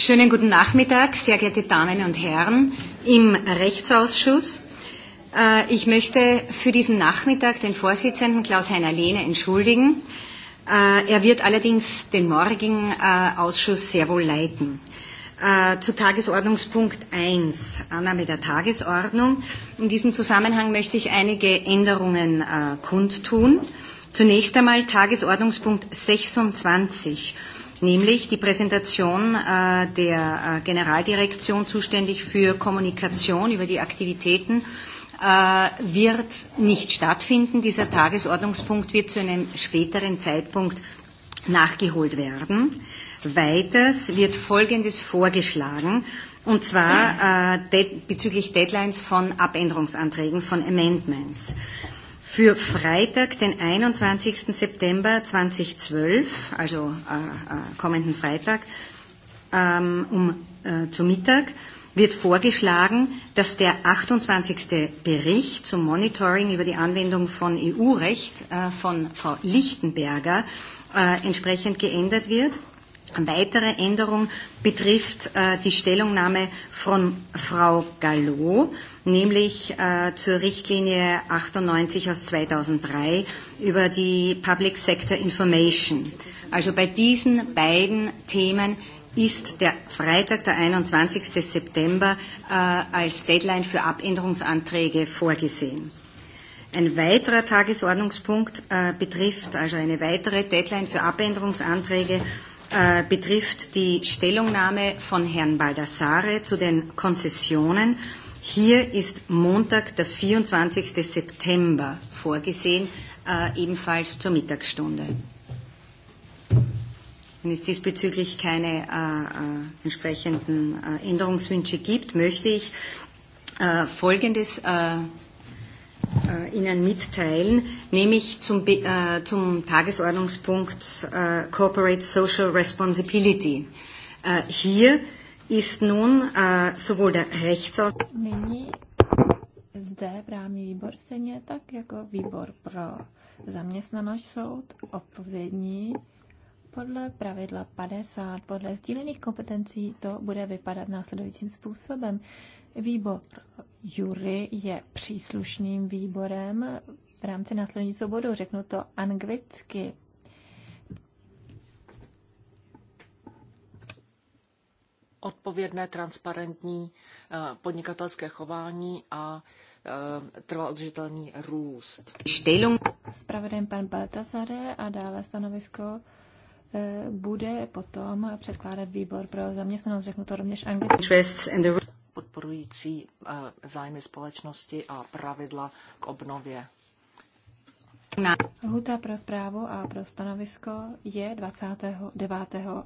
Schönen guten Nachmittag, sehr geehrte Damen und Herren im Rechtsausschuss. Äh, ich möchte für diesen Nachmittag den Vorsitzenden Klaus-Heiner Lehne entschuldigen. Äh, er wird allerdings den morgigen äh, Ausschuss sehr wohl leiten. Zu Tagesordnungspunkt 1, Annahme der Tagesordnung. In diesem Zusammenhang möchte ich einige Änderungen kundtun. Zunächst einmal Tagesordnungspunkt 26 nämlich die Präsentation äh, der äh, Generaldirektion zuständig für Kommunikation über die Aktivitäten äh, wird nicht stattfinden. Dieser Tagesordnungspunkt wird zu einem späteren Zeitpunkt nachgeholt werden. Weiters wird Folgendes vorgeschlagen, und zwar äh, de bezüglich Deadlines von Abänderungsanträgen, von Amendments. Äh, für Freitag, den 21. September 2012, also äh, äh, kommenden Freitag, ähm, um, äh, zu Mittag, wird vorgeschlagen, dass der 28. Bericht zum Monitoring über die Anwendung von EU-Recht äh, von Frau Lichtenberger äh, entsprechend geändert wird. Eine weitere Änderung betrifft äh, die Stellungnahme von Frau Gallo nämlich äh, zur Richtlinie 98 aus 2003 über die Public Sector Information. Also bei diesen beiden Themen ist der Freitag, der 21. September, äh, als Deadline für Abänderungsanträge vorgesehen. Ein weiterer Tagesordnungspunkt äh, betrifft, also eine weitere Deadline für Abänderungsanträge, äh, betrifft die Stellungnahme von Herrn Baldassare zu den Konzessionen Hier ist Montag, der 24. September vorgesehen, äh, ebenfalls zur Mittagsstunde. Wenn es diesbezüglich keine äh, äh, entsprechenden äh, Änderungswünsche gibt, möchte ich äh, Folgendes äh, äh, Ihnen mitteilen, nämlich zum, äh, zum Tagesordnungspunkt äh, Corporate Social Responsibility. Äh, hier ist nun äh, sowohl der Rechtsausschuss zde právní výbor stejně tak jako výbor pro zaměstnanost soud odpovědní podle pravidla 50, podle sdílených kompetencí to bude vypadat následujícím způsobem. Výbor jury je příslušným výborem v rámci následujícího bodu, řeknu to anglicky. odpovědné, transparentní eh, podnikatelské chování a eh, trval udržitelný růst. Spravedlivým pan Baltazare a dále stanovisko eh, bude potom předkládat výbor pro zaměstnanost, řeknu to rovněž anglicky. Podporující zájmy společnosti a pravidla k obnově. Lhuta pro zprávu a pro stanovisko je 29.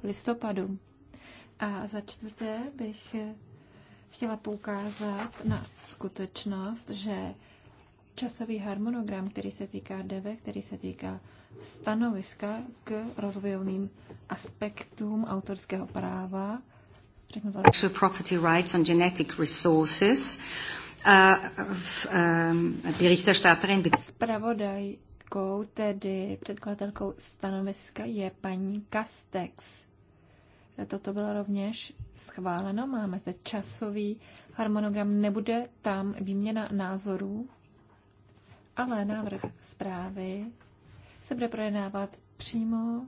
listopadu. A za čtvrté bych chtěla poukázat na skutečnost, že časový harmonogram, který se týká DV, který se týká stanoviska k rozvojovým aspektům autorského práva, intellectual property rights on genetic resources. Berichterstatterin Spravodajkou, tedy předkladatelkou stanoviska, je paní Castex. Toto bylo rovněž schváleno. Máme zde časový harmonogram. Nebude tam výměna názorů, ale návrh zprávy se bude projednávat přímo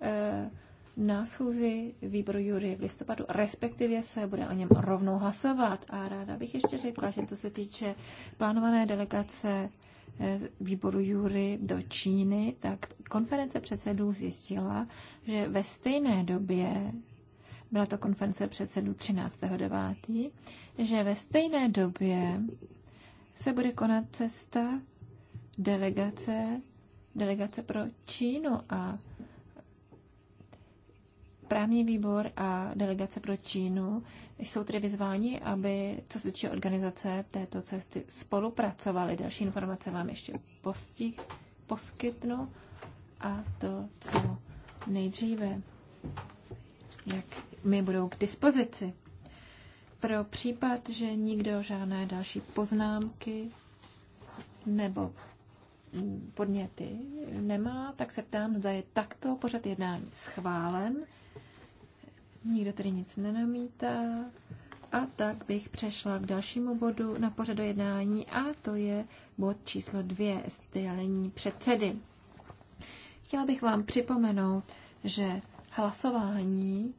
eh, na schůzi výboru jury v listopadu, respektive se bude o něm rovnou hlasovat. A ráda bych ještě řekla, že to se týče plánované delegace Eh, výboru Jury do Číny, tak konference předsedů zjistila, že ve stejné době, byla to konference předsedů 13.9., že ve stejné době se bude konat cesta delegace, delegace pro Čínu a právní výbor a delegace pro Čínu jsou tedy vyzváni, aby, co se týče organizace této cesty, spolupracovali. Další informace vám ještě postih, poskytnu a to, co nejdříve, jak mi budou k dispozici. Pro případ, že nikdo žádné další poznámky nebo podněty nemá, tak se ptám, zda je takto pořad jednání schválen. Nikdo tady nic nenamítá. A tak bych přešla k dalšímu bodu na pořadu jednání a to je bod číslo dvě, sdělení předsedy. Chtěla bych vám připomenout, že hlasování,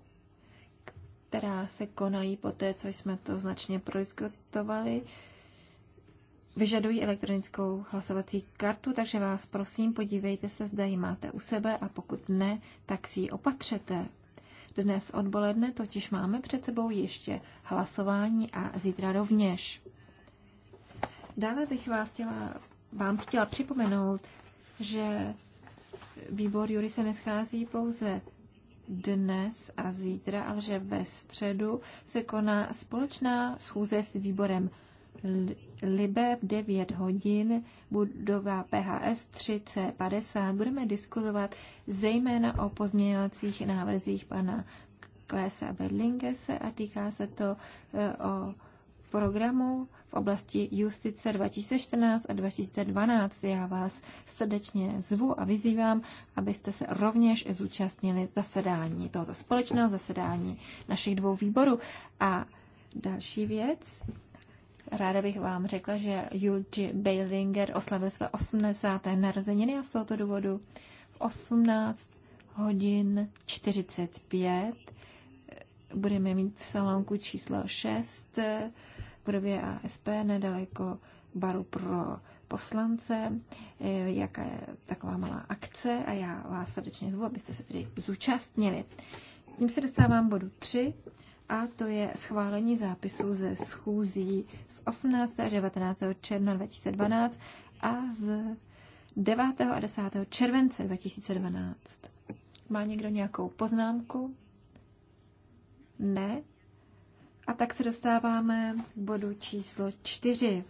která se konají po té, co jsme to značně prodiskutovali, vyžadují elektronickou hlasovací kartu, takže vás prosím, podívejte se, zda ji máte u sebe a pokud ne, tak si ji opatřete. Dnes odboledne, totiž máme před sebou ještě hlasování a zítra rovněž. Dále bych vás chtěla, vám chtěla připomenout, že výbor Jury se neschází pouze dnes a zítra, ale že ve středu se koná společná schůze s výborem Libe v 9 hodin, budova PHS 3C50. Budeme diskutovat zejména o pozměňovacích návrzích pana Klesa Bedlingese a týká se to eh, o programu v oblasti justice 2014 a 2012. Já vás srdečně zvu a vyzývám, abyste se rovněž zúčastnili zasedání tohoto společného zasedání našich dvou výborů. A další věc, Ráda bych vám řekla, že Julji Beilinger oslavil své 80. narozeniny a z tohoto důvodu v 18 hodin 45 eh, budeme mít v salonku číslo 6 eh, v budově ASP nedaleko baru pro poslance, eh, jaká je taková malá akce a já vás srdečně zvu, abyste se tedy zúčastnili. Tím se dostávám bodu 3, a to je schválení zápisu ze schůzí z 18. a 19. června 2012 a z 9. a 10. července 2012. Má někdo nějakou poznámku? Ne? A tak se dostáváme k bodu číslo 4.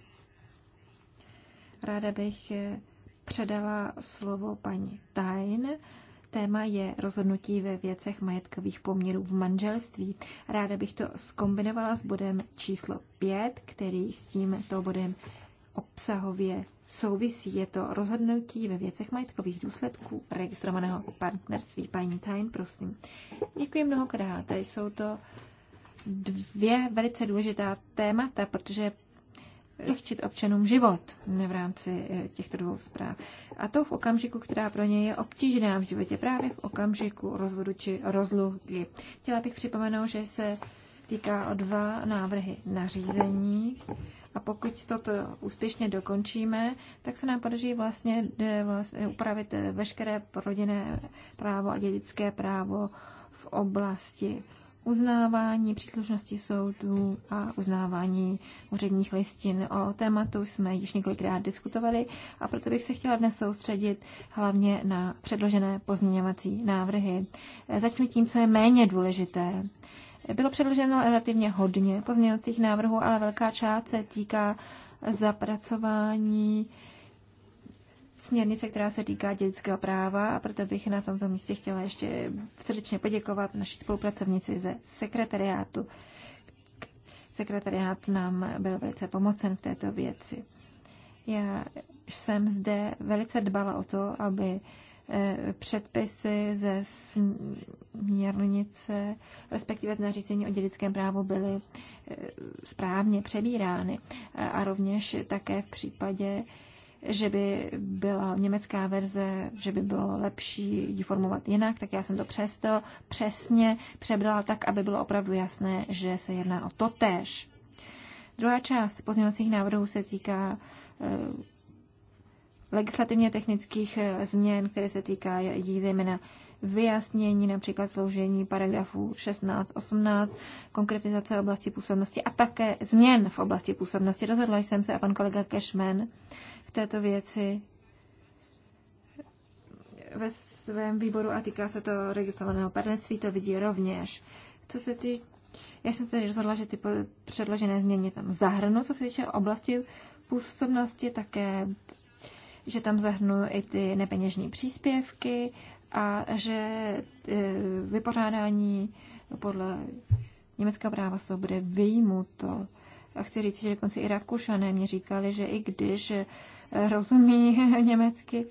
Ráda bych předala slovo paní Tajn, Téma je rozhodnutí ve věcech majetkových poměrů v manželství. Ráda bych to skombinovala s bodem číslo 5, který s tímto bodem obsahově souvisí. Je to rozhodnutí ve věcech majetkových důsledků registrovaného partnerství. Paní time prosím. Děkuji mnohokrát. Jsou to dvě velice důležitá témata, protože lehčit občanům život v rámci eh, těchto dvou zpráv. A to v okamžiku, která pro ně je obtížná v životě, právě v okamžiku rozvodu či rozluky. Chtěla bych připomenout, že se týká o dva návrhy nařízení a pokud toto úspěšně dokončíme, tak se nám podaří vlastně, eh, vlastně upravit eh, veškeré rodinné právo a dědické právo v oblasti uznávání příslušnosti soudů a uznávání úředních listin. O tématu jsme již několikrát diskutovali a proto bych se chtěla dnes soustředit hlavně na předložené pozměňovací návrhy. Začnu tím, co je méně důležité. Bylo předloženo relativně hodně pozměňovacích návrhů, ale velká část se týká zapracování směrnice, která se týká dědického práva a proto bych na tomto místě chtěla ještě srdečně poděkovat naší spolupracovnici ze sekretariátu. Sekretariát nám byl velice pomocen v této věci. Já jsem zde velice dbala o to, aby eh, předpisy ze směrnice, respektive z nařízení o dědickém právu byly eh, správně přebírány. A rovněž také v případě že by byla německá verze, že by bylo lepší ji formovat jinak, tak já jsem to přesto přesně přebrala tak, aby bylo opravdu jasné, že se jedná o to též. Druhá část pozměňovacích návrhů se týká eh, legislativně technických eh, změn, které se týkají zejména vyjasnění například složení paragrafů 16, 18, konkretizace oblasti působnosti a také změn v oblasti působnosti. Rozhodla jsem se a pan kolega Cashman v této věci ve svém výboru a týká se to registrovaného partnerství, to vidí rovněž. Co se ty, já jsem tedy rozhodla, že ty předložené změny tam zahrnu, co se týče oblasti působnosti, také že tam zahrnu i ty nepeněžní příspěvky a že e, vypořádání podle německého práva se bude vyjmuto. A chci říct, že dokonce i Rakušané mě říkali, že i když rozumí německy,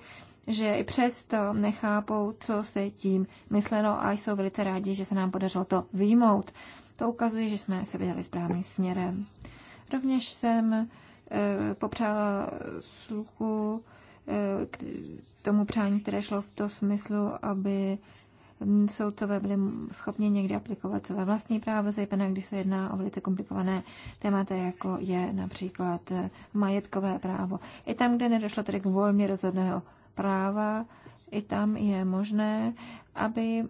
že i přesto nechápou, co se tím myslelo a jsou velice rádi, že se nám podařilo to výjmout. To ukazuje, že jsme se vydali správným směrem. Rovněž jsem e, popřála sluchu e, tomu přání, které šlo v tom smyslu, aby soudcové byli schopni někdy aplikovat své vlastní právo, zejména když se jedná o velice komplikované témata, jako je například majetkové právo. I tam, kde nedošlo tedy k volně rozhodného práva, i tam je možné, aby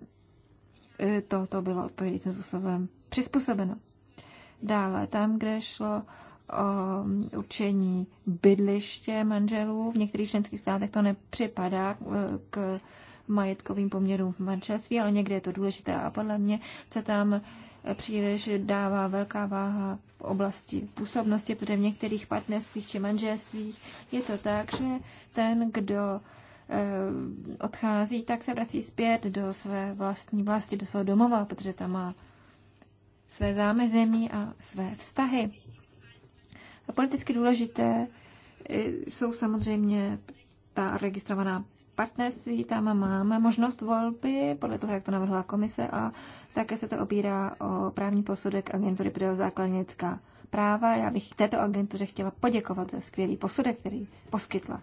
e, toto bylo odpovědícím způsobem přizpůsobeno. Dále, tam, kde šlo Eh, určení bydliště manželů. V některých členských státech to nepřipadá eh, k majetkovým poměrům v manželství, ale někde je to důležité a podle mě se tam eh, příliš dává velká váha v oblasti působnosti, protože v některých partnerstvích či manželstvích je to tak, že ten, kdo odchází, tak se vrací zpět do své vlastní vlasti, do svého domova, protože tam má své zámezemí a své vztahy. A politicky důležité eh, jsou samozřejmě ta registrovaná partnerství, tam máme možnost volby podle toho, jak to navrhla komise a také se to obírá o právní posudek agentury pro základnická práva. Já bych této agentuře chtěla poděkovat za skvělý posudek, který poskytla.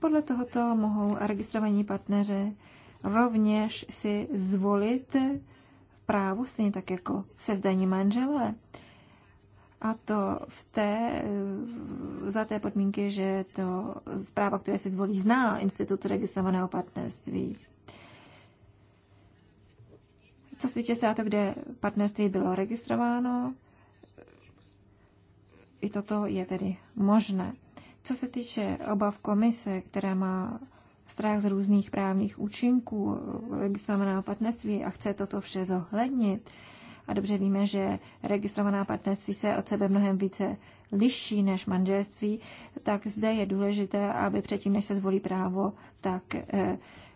Podle tohoto mohou registrovaní partneři rovněž si zvolit právu, stejně tak jako se zdaní manželé. A to v té, za té podmínky, že to zpráva, které si zvolí, zná institut registrovaného partnerství. Co se týče státu, kde partnerství bylo registrováno, i toto je tedy možné. Co se týče obav komise, která má strach z různých právních účinků registrovaného partnerství a chce toto vše zohlednit, a dobře víme, že registrovaná partnerství se od sebe mnohem více liší než manželství, tak zde je důležité, aby předtím, než se zvolí právo, tak eh,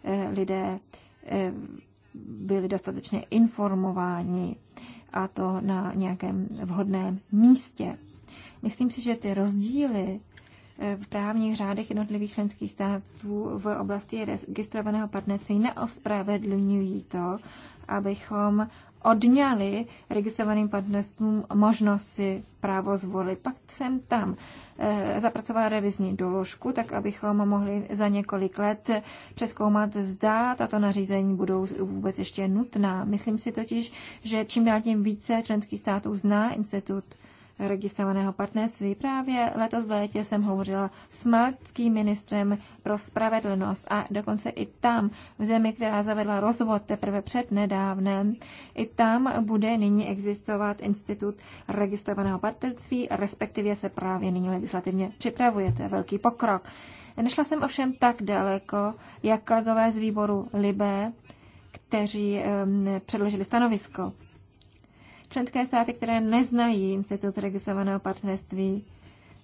eh, lidé eh, byli dostatečně informováni a to na nějakém vhodném místě. Myslím si, že ty rozdíly v právních řádech jednotlivých členských států v oblasti registrovaného partnerství neospravedlňují to, abychom odňali registrovaným partnerstvům možnost si právo zvolit. Pak jsem tam eh, zapracovala revizní doložku, tak abychom mohli za několik let přeskoumat, zda tato nařízení budou vůbec ještě nutná. Myslím si totiž, že čím dál tím více členských států zná institut registrovaného partnerství. Právě letos v létě jsem hovořila s maltským ministrem pro spravedlnost a dokonce i tam, v zemi, která zavedla rozvod teprve před nedávnem, i tam bude nyní existovat institut registrovaného partnerství, respektive se právě nyní legislativně připravuje. To je velký pokrok. Nešla jsem ovšem tak daleko, jak kolegové z výboru Libé, kteří um, předložili stanovisko členské státy, které neznají institut registrovaného partnerství,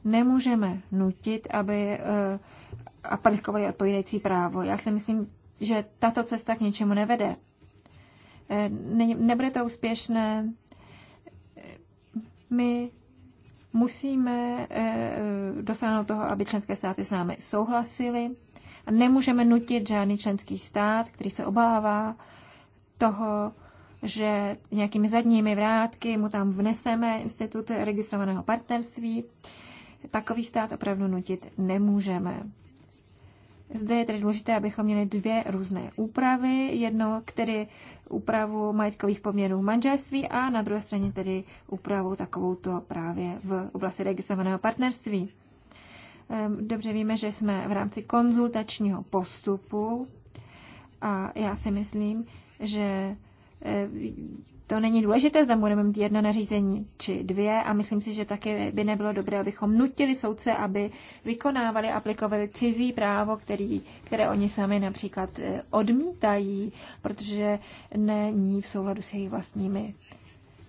nemůžeme nutit, aby eh, aplikovali odpovídající právo. Já si myslím, že tato cesta k ničemu nevede. Eh, nebude to úspěšné. Eh, my musíme dosáhnout toho, aby členské státy s námi souhlasily. A nemůžeme nutit žádný členský stát, který se obává toho, že nějakými zadními vrátky mu tam vneseme institut registrovaného partnerství. Takový stát opravdu nutit nemůžeme. Zde je tedy důležité, abychom měli dvě různé úpravy. jedno který úpravu majetkových poměrů v manželství a na druhé straně tedy úpravu takovouto právě v oblasti registrovaného partnerství. Ehm, dobře víme, že jsme v rámci konzultačního postupu a já si myslím, že to není důležité, zda budeme mít jedno nařízení či dvě a myslím si, že taky by nebylo dobré, abychom nutili soudce, aby vykonávali, aplikovali cizí právo, který, které oni sami například eh, odmítají, protože není v souladu s jejich vlastními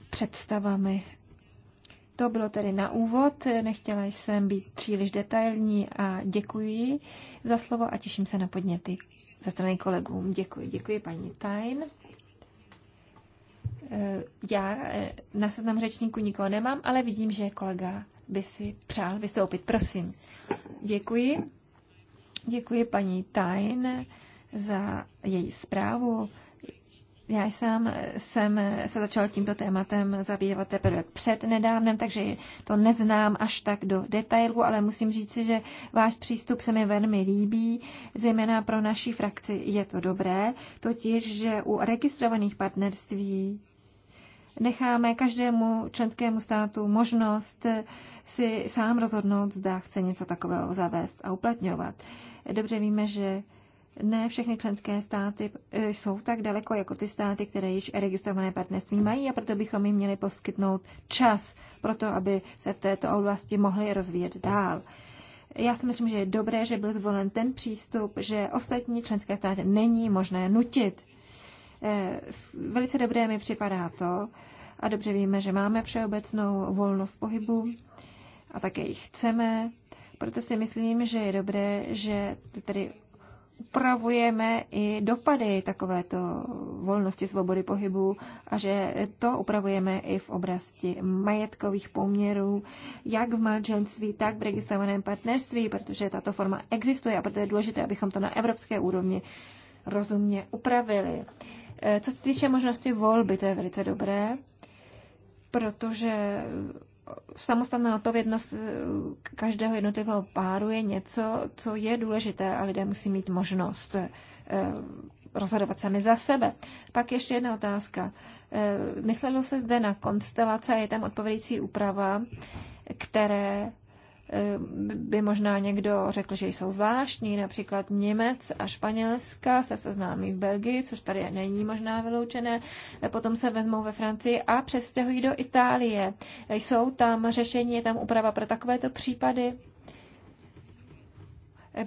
představami. To bylo tedy na úvod, nechtěla jsem být příliš detailní a děkuji za slovo a těším se na podněty ze strany kolegům. Děkuji, děkuji paní Tajn. Eh, já eh, na seznam řečníku nikoho nemám, ale vidím, že kolega by si přál vystoupit. Prosím. Děkuji. Děkuji paní Tajn za její zprávu. Já jsem, jsem se začal tímto tématem zabývat teprve před nedávnem, takže to neznám až tak do detailu, ale musím říct, že váš přístup se mi velmi líbí, zejména pro naší frakci je to dobré, totiž, že u registrovaných partnerství necháme každému členskému státu možnost si sám rozhodnout, zda chce něco takového zavést a uplatňovat. Dobře víme, že ne všechny členské státy e, jsou tak daleko jako ty státy, které již registrované partnerství mají a proto bychom jim měli poskytnout čas pro to, aby se v této oblasti mohli rozvíjet dál. Já si myslím, že je dobré, že byl zvolen ten přístup, že ostatní členské státy není možné nutit Eh, velice dobré mi připadá to, a dobře víme, že máme všeobecnou volnost pohybu a také ji chceme, proto si myslím, že je dobré, že tedy upravujeme i dopady takovéto volnosti svobody pohybu a že to upravujeme i v oblasti majetkových poměrů, jak v manželství, tak v registrovaném partnerství, protože tato forma existuje a proto je důležité, abychom to na evropské úrovni rozumně upravili. Eh, co se týče možnosti volby, to je velice dobré, protože eh, samostatná odpovědnost eh, každého jednotlivého páru je něco, co je důležité a lidé musí mít možnost rozhodovat sami za sebe. Pak ještě jedna otázka. Myslelo se zde na konstelace a je tam odpovědící úprava, které Eh, by možná někdo řekl, že jsou zvláštní, například Němec a Španělska se seznámí v Belgii, což tady není možná vyloučené, eh, potom se vezmou ve Francii a přestěhují do Itálie. Eh, jsou tam řešení, je tam úprava pro takovéto případy?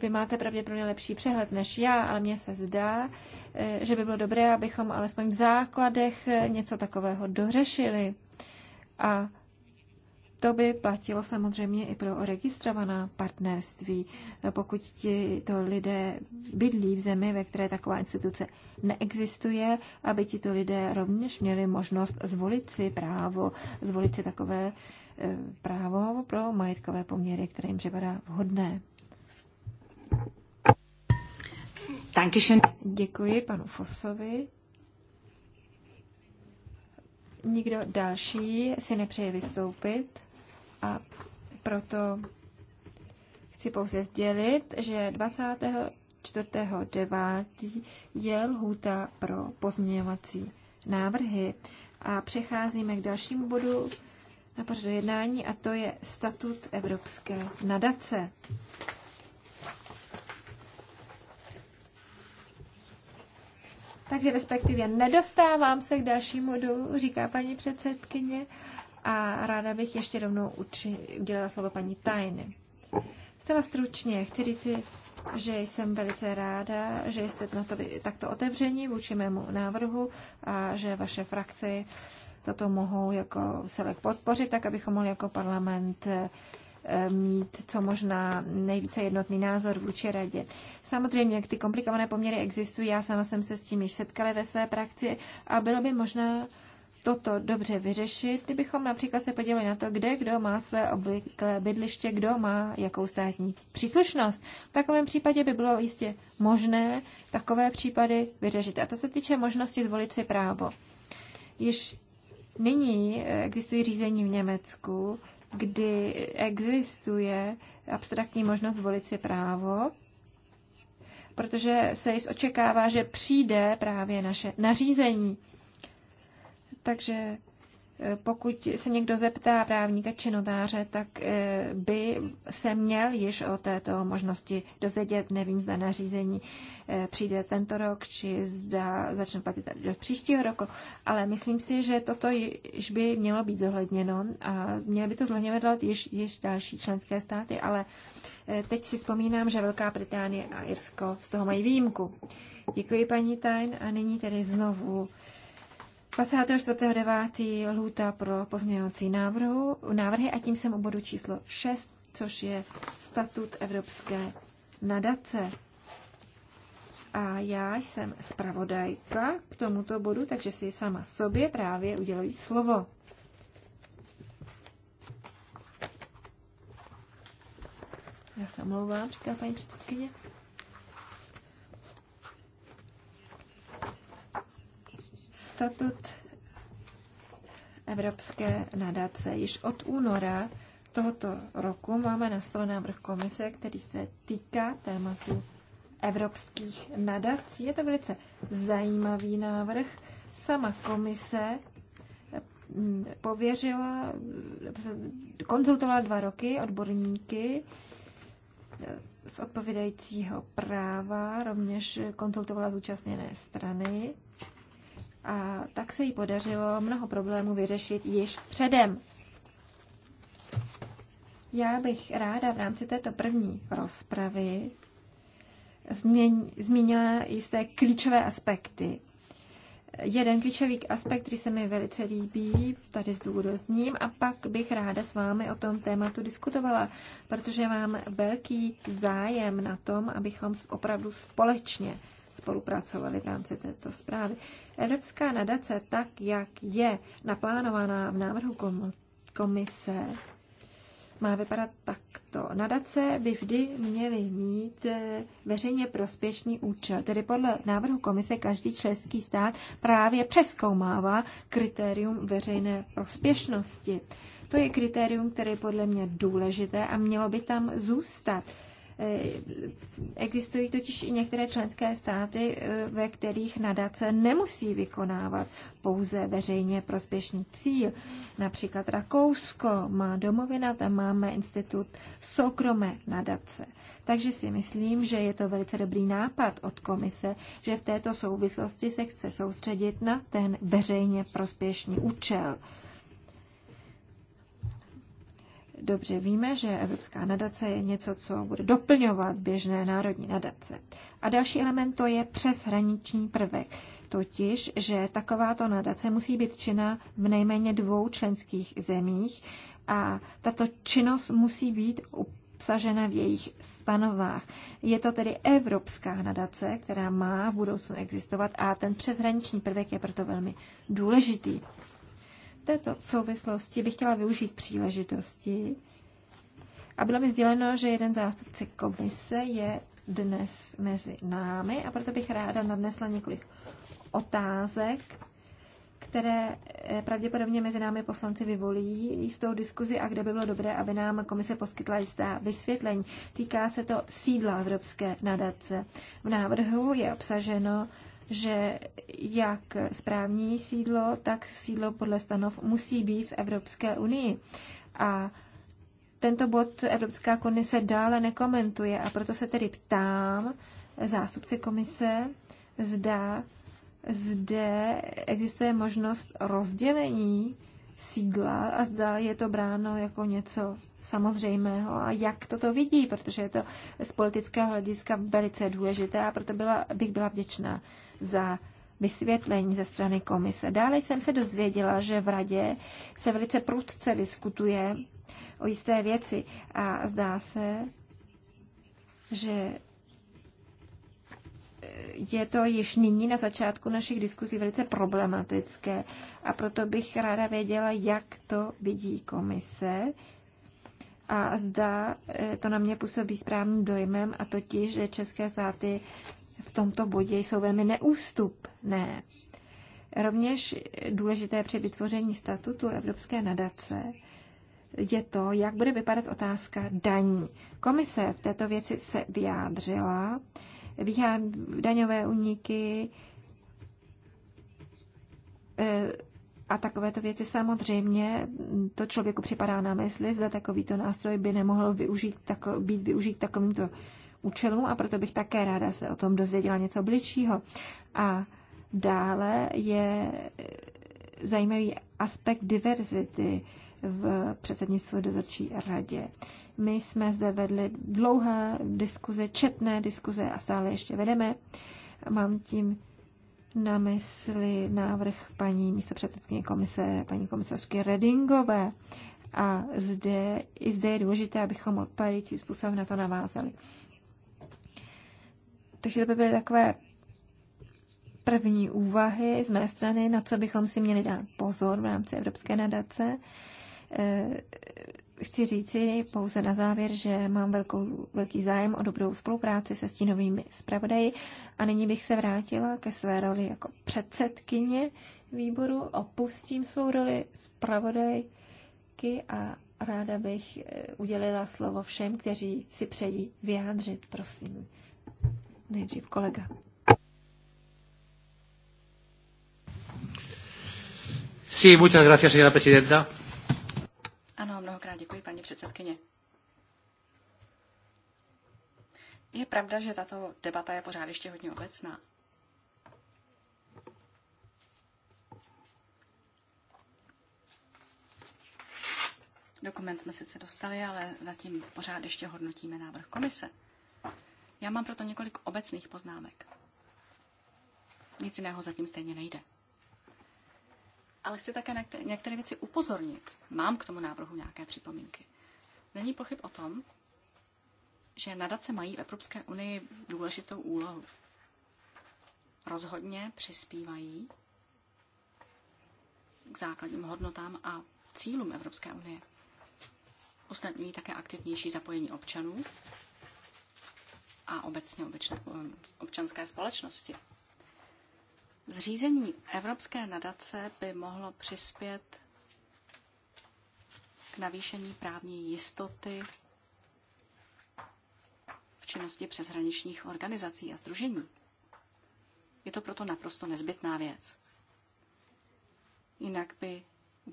Vy máte pravděpodobně lepší přehled než já, ale mně se zdá, že by bylo dobré, abychom alespoň v základech něco takového dořešili. A to by platilo samozřejmě i pro registrovaná partnerství. Pokud ti to lidé bydlí v zemi, ve které taková instituce neexistuje, aby ti to lidé rovněž měli možnost zvolit si právo, zvolit si takové eh, právo pro majetkové poměry, které jim připadá vhodné. Děkuji panu Fosovi. Nikdo další si nepřeje vystoupit? A proto chci pouze sdělit, že 24.9. je lhůta pro pozměňovací návrhy. A přecházíme k dalšímu bodu na pořadu jednání a to je statut Evropské nadace. Takže respektive nedostávám se k dalšímu bodu, říká paní předsedkyně. A ráda bych ještě rovnou uči, udělala slovo paní Tajny. Zcela stručně chci říct, že jsem velice ráda, že jste na to takto otevření vůči mému návrhu a že vaše frakce toto mohou jako celek podpořit, tak abychom mohli jako parlament eh, mít co možná nejvíce jednotný názor vůči radě. Samozřejmě, jak ty komplikované poměry existují, já sama jsem se s tím již setkala ve své praxi a bylo by možná toto dobře vyřešit, kdybychom například se podívali na to, kde kdo má své obvyklé bydliště, kdo má jakou státní příslušnost. V takovém případě by bylo jistě možné takové případy vyřešit. A to se týče možnosti zvolit si právo. Již nyní eh, existují řízení v Německu, kdy existuje abstraktní možnost zvolit si právo, protože se již očekává, že přijde právě naše nařízení. Takže eh, pokud se někdo zeptá právníka či notáře, tak eh, by se měl již o této možnosti dozvědět. Nevím, zda nařízení eh, přijde tento rok, či zda začne platit do příštího roku, ale myslím si, že toto již by mělo být zohledněno a měly by to zohledňovat již, již další členské státy, ale teď si vzpomínám, že Velká Británie a Irsko z toho mají výjimku. Děkuji paní Tajn a nyní tedy znovu 24.9. lhůta pro pozměňovací návrhu, návrhy a tím jsem u bodu číslo 6, což je statut Evropské nadace. A já jsem zpravodajka k tomuto bodu, takže si sama sobě právě uděluji slovo. Já se omlouvám, říká paní předsedkyně. Statut Evropské nadace. Již od února tohoto roku máme na stole návrh komise, který se týká tématu evropských nadací. Je to velice zajímavý návrh. Sama komise mm, pověřila, konzultovala dva roky odborníky e, z odpovídajícího práva, rovněž konzultovala zúčastněné strany a tak se jí podařilo mnoho problémů vyřešit již předem. Já bych ráda v rámci této první rozpravy zmínila jisté klíčové aspekty. Jeden klíčový aspekt, který se mi velice líbí, tady zdůrazním, a pak bych ráda s vámi o tom tématu diskutovala, protože mám velký zájem na tom, abychom opravdu společně spolupracovali v rámci této zprávy. Evropská nadace, tak jak je naplánovaná v návrhu komise, má vypadat takto. Nadace by vždy měly mít eh, veřejně prospěšný účel. Tedy podle návrhu komise každý členský stát právě přeskoumává kritérium veřejné prospěšnosti. To je kritérium, které je podle mě důležité a mělo by tam zůstat. Eh, existují totiž i některé členské státy, eh, ve kterých nadace nemusí vykonávat pouze veřejně prospěšný cíl. Například Rakousko má domovina, tam máme institut soukromé nadace. Takže si myslím, že je to velice dobrý nápad od komise, že v této souvislosti se chce soustředit na ten veřejně prospěšný účel dobře víme, že Evropská nadace je něco, co bude doplňovat běžné národní nadace. A další element to je přeshraniční prvek, totiž, že takováto nadace musí být činná v nejméně dvou členských zemích a tato činnost musí být obsažena v jejich stanovách. Je to tedy evropská nadace, která má v budoucnu existovat a ten přeshraniční prvek je proto velmi důležitý této souvislosti bych chtěla využít příležitosti a bylo mi sděleno, že jeden zástupce komise je dnes mezi námi a proto bych ráda nadnesla několik otázek, které eh, pravděpodobně mezi námi poslanci vyvolí jistou diskuzi a kde by bylo dobré, aby nám komise poskytla jistá vysvětlení. Týká se to sídla Evropské nadace. V návrhu je obsaženo, že jak správní sídlo, tak sídlo podle stanov musí být v Evropské unii. A tento bod Evropská komise dále nekomentuje a proto se tedy ptám zástupce komise, zda zde existuje možnost rozdělení sídla a zda je to bráno jako něco samozřejmého a jak toto vidí, protože je to z politického hlediska velice důležité a proto byla, bych byla vděčná za vysvětlení ze strany komise. Dále jsem se dozvěděla, že v radě se velice prudce diskutuje o jisté věci a zdá se, že je to již nyní na začátku našich diskuzí velice problematické a proto bych ráda věděla, jak to vidí komise a zda e, to na mě působí správným dojmem a totiž, že české státy v tomto bodě jsou velmi neústupné. Rovněž důležité při vytvoření statutu Evropské nadace je to, jak bude vypadat otázka daní. Komise v této věci se vyjádřila, výhá, daňové uniky eh, a takovéto věci. Samozřejmě to člověku připadá na mysli, zda takovýto nástroj by nemohl využít, tako, být využít takovýmto účelům a proto bych také ráda se o tom dozvěděla něco bližšího. A dále je eh, zajímavý aspekt diverzity v předsednictvu dozorčí radě. My jsme zde vedli dlouhé diskuze, četné diskuze a stále ještě vedeme. Mám tím na mysli návrh paní místopředsedkyně komise, paní komisařky Redingové. A zde, i zde je důležité, abychom odpadající způsobem na to navázali. Takže to by byly takové první úvahy z mé strany, na co bychom si měli dát pozor v rámci Evropské nadace. Eh, chci říci pouze na závěr, že mám velkou, velký zájem o dobrou spolupráci se stínovými zpravodaji a nyní bych se vrátila ke své roli jako předsedkyně výboru, opustím svou roli zpravodajky a ráda bych eh, udělila slovo všem, kteří si přejí vyjádřit, prosím. Nejdřív kolega. Sí, muchas gracias, señora presidenta mnohokrát děkuji, paní předsedkyně. Je pravda, že tato debata je pořád ještě hodně obecná. Dokument jsme sice dostali, ale zatím pořád ještě hodnotíme návrh komise. Já mám proto několik obecných poznámek. Nic jiného zatím stejně nejde ale chci také některé věci upozornit. Mám k tomu návrhu nějaké připomínky. Není pochyb o tom, že nadace mají v Evropské unii důležitou úlohu. Rozhodně přispívají k základním hodnotám a cílům Evropské unie. Usnadňují také aktivnější zapojení občanů a obecně občanské společnosti. Zřízení Evropské nadace by mohlo přispět k navýšení právní jistoty v činnosti přeshraničních organizací a združení. Je to proto naprosto nezbytná věc. Jinak by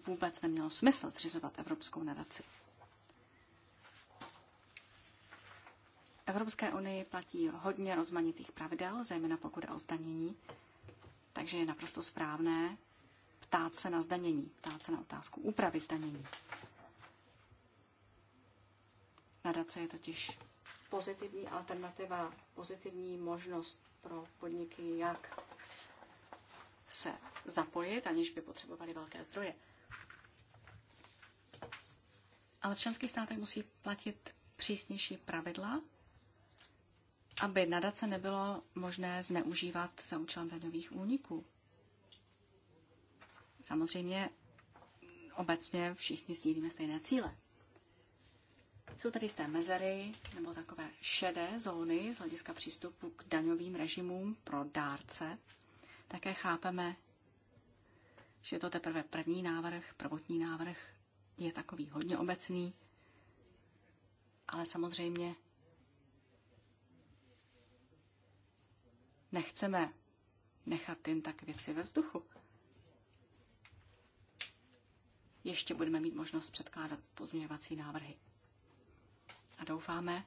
vůbec nemělo smysl zřizovat Evropskou nadaci. Evropské unii platí hodně rozmanitých pravidel, zejména pokud je o zdanění, takže je naprosto správné ptát se na zdanění, ptát se na otázku úpravy zdanění. Nadace je totiž pozitivní alternativa, pozitivní možnost pro podniky, jak se zapojit, aniž by potřebovali velké zdroje. Ale v členských státech musí platit přísnější pravidla aby nadace nebylo možné zneužívat za účelem daňových úniků. Samozřejmě obecně všichni sdílíme stejné cíle. Jsou tady té mezery nebo takové šedé zóny z hlediska přístupu k daňovým režimům pro dárce. Také chápeme, že to teprve první návrh, prvotní návrh je takový hodně obecný, ale samozřejmě Nechceme nechat jen tak věci ve vzduchu. Ještě budeme mít možnost předkládat pozměňovací návrhy. A doufáme,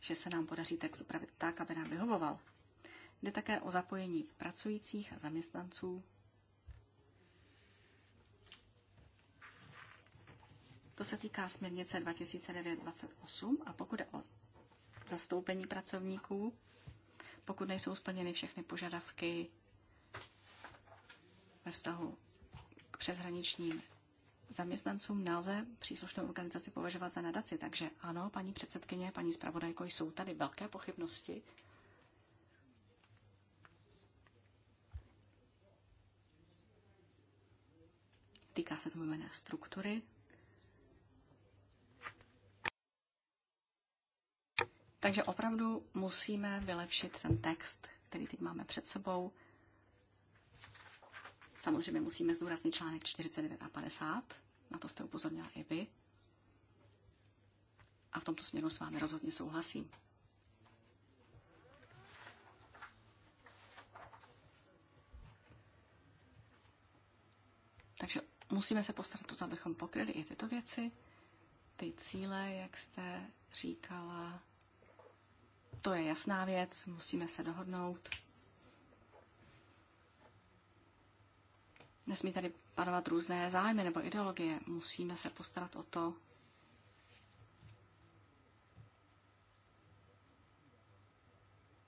že se nám podaří text upravit tak, aby nám vyhovoval. Jde také o zapojení pracujících a zaměstnanců. To se týká směrnice 2009-28 a pokud je o zastoupení pracovníků, pokud nejsou splněny všechny požadavky ve vztahu k přeshraničním zaměstnancům nelze příslušnou organizaci považovat za nadaci. Takže ano, paní předsedkyně, paní zpravodajko, jsou tady velké pochybnosti. Týká se to mluvené struktury Takže opravdu musíme vylepšit ten text, který teď máme před sebou. Samozřejmě musíme zdůraznit článek 49 a 50, na to jste upozornila i vy. A v tomto směru s vámi rozhodně souhlasím. Takže musíme se postarat o to, abychom pokryli i tyto věci, ty cíle, jak jste říkala, to je jasná věc, musíme se dohodnout. Nesmí tady panovat různé zájmy nebo ideologie. Musíme se postarat o to,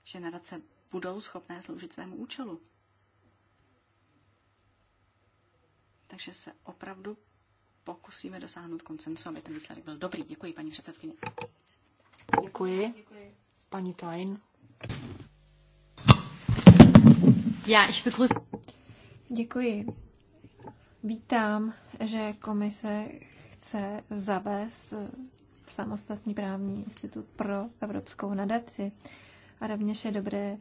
že nadace budou schopné sloužit svému účelu. Takže se opravdu pokusíme dosáhnout koncensu, aby ten výsledek byl dobrý. Děkuji, paní předsedkyně. Děkuji. Děkuji. Paní Tain. Já, ich begrüße. Děkuji. Vítám, že komise chce zavést eh, samostatný právní institut pro evropskou nadaci. A rovněž je dobré,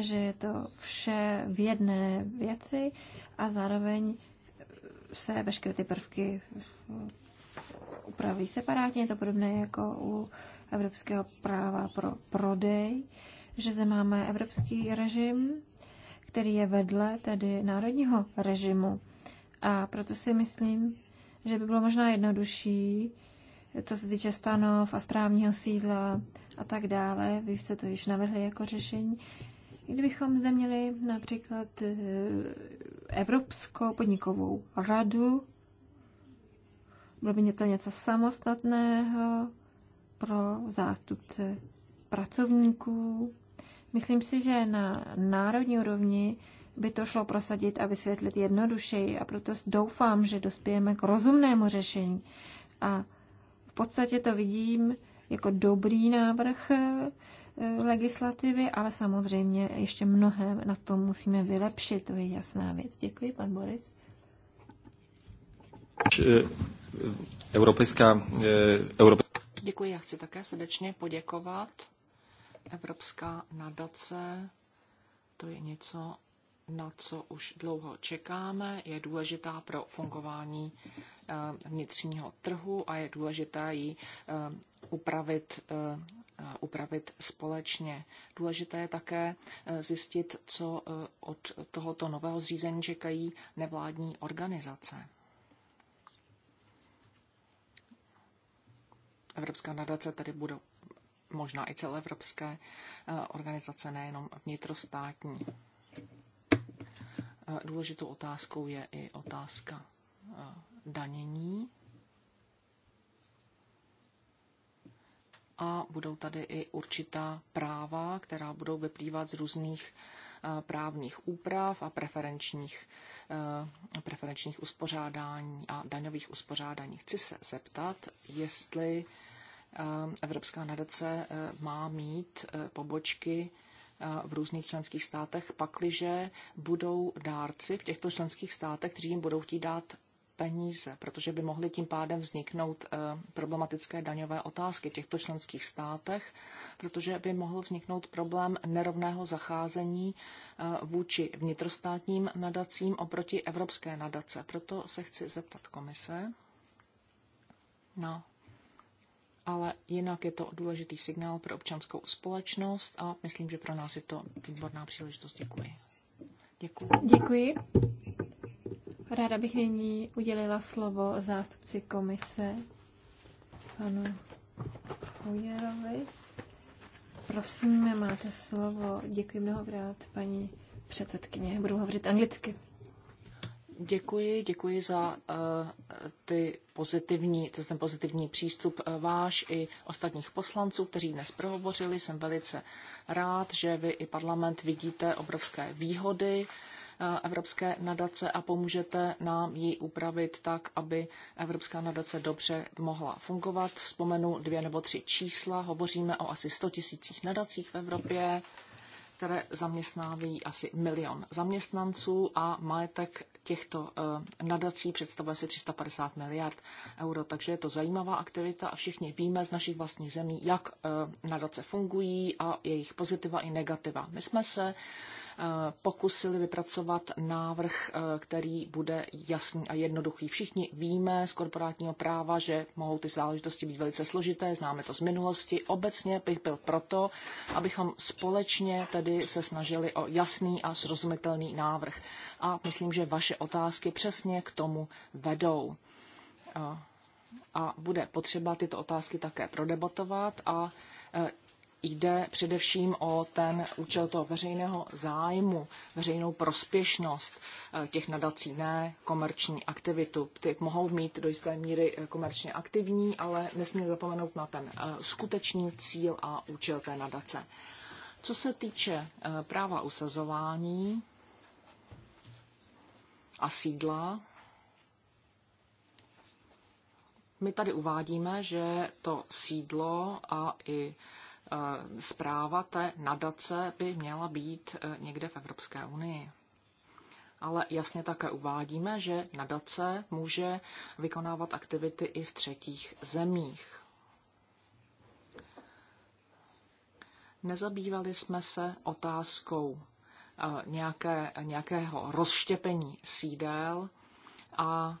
že je to vše v jedné věci a zároveň se veškeré ty prvky upraví separátně, je to podobné jako u evropského práva pro prodej, že zde máme evropský režim, který je vedle tedy národního režimu. A proto si myslím, že by bylo možná jednodušší, co se týče stanov a správního sídla a tak dále, vy jste to již navrhli jako řešení, kdybychom zde měli například eh, Evropskou podnikovou radu, bylo by to něco samostatného pro zástupce pracovníků. Myslím si, že na národní úrovni by to šlo prosadit a vysvětlit jednodušeji a proto doufám, že dospějeme k rozumnému řešení. A v podstatě to vidím jako dobrý návrh eh, legislativy, ale samozřejmě ještě mnohem na tom musíme vylepšit, to je jasná věc. Děkuji, pan Boris. Eh, Evropská... Eh, Děkuji, já chci také srdečně poděkovat. Evropská nadace, to je něco, na co už dlouho čekáme, je důležitá pro fungování eh, vnitřního trhu a je důležité ji eh, upravit, upravit společně. Důležité je také zjistit, co od tohoto nového zřízení čekají nevládní organizace. Evropská nadace tady budou možná i celoevropské eh, organizace, nejenom vnitrostátní. Eh, důležitou otázkou je i otázka eh, danění. A budou tady i určitá práva, která budou vyplývat z různých právních úprav a preferenčních, preferenčních uspořádání a daňových uspořádání. Chci se zeptat, jestli Evropská nadace e, má mít e, pobočky e, v různých členských státech, pakliže budou dárci v těchto členských státech, kteří jim budou chtít dát peníze, protože by mohly tím pádem vzniknout problematické daňové otázky v těchto členských státech, protože by mohl vzniknout problém nerovného zacházení vůči vnitrostátním nadacím oproti evropské nadace. Proto se chci zeptat komise na ale jinak je to důležitý signál pro občanskou společnost a myslím, že pro nás je to výborná příležitost. Děkuji. Děkuji. Děkuji. Ráda bych nyní udělila slovo zástupci komise, panu Hujerovi. Prosím, máte slovo. Děkuji mnohokrát, paní předsedkyně. Budu hovořit anglicky. Děkuji, děkuji za eh, ty pozitivní, ten pozitivní přístup eh, váš i ostatních poslanců, kteří dnes prohovořili. Jsem velice rád, že vy i parlament vidíte obrovské výhody eh, Evropské nadace a pomůžete nám ji upravit tak, aby Evropská nadace dobře mohla fungovat. Vzpomenu dvě nebo tři čísla. Hovoříme o asi 100 tisících nadacích v Evropě které zaměstnávají asi milion zaměstnanců a majetek těchto eh, nadací představuje asi 350 miliard euro. Takže je to zajímavá aktivita a všichni víme z našich vlastních zemí, jak eh, nadace fungují a jejich pozitiva i negativa. My jsme se Eh, pokusili vypracovat návrh, eh, který bude jasný a jednoduchý. Všichni víme z korporátního práva, že mohou ty záležitosti být velice složité, známe to z minulosti. Obecně bych byl proto, abychom společně tedy se snažili o jasný a srozumitelný návrh. A myslím, že vaše otázky přesně k tomu vedou eh, a bude potřeba tyto otázky také prodebatovat a jde především o ten účel toho veřejného zájmu, veřejnou prospěšnost eh, těch nadací, ne komerční aktivitu. Ty mohou mít do jisté míry eh, komerčně aktivní, ale nesmí zapomenout na ten eh, skutečný cíl a účel té nadace. Co se týče práva usazování a sídla, my tady uvádíme, že to sídlo a i Eh, zpráva té nadace by měla být eh, někde v Evropské unii. Ale jasně také uvádíme, že nadace může vykonávat aktivity i v třetích zemích. Nezabývali jsme se otázkou eh, nějaké, nějakého rozštěpení sídel a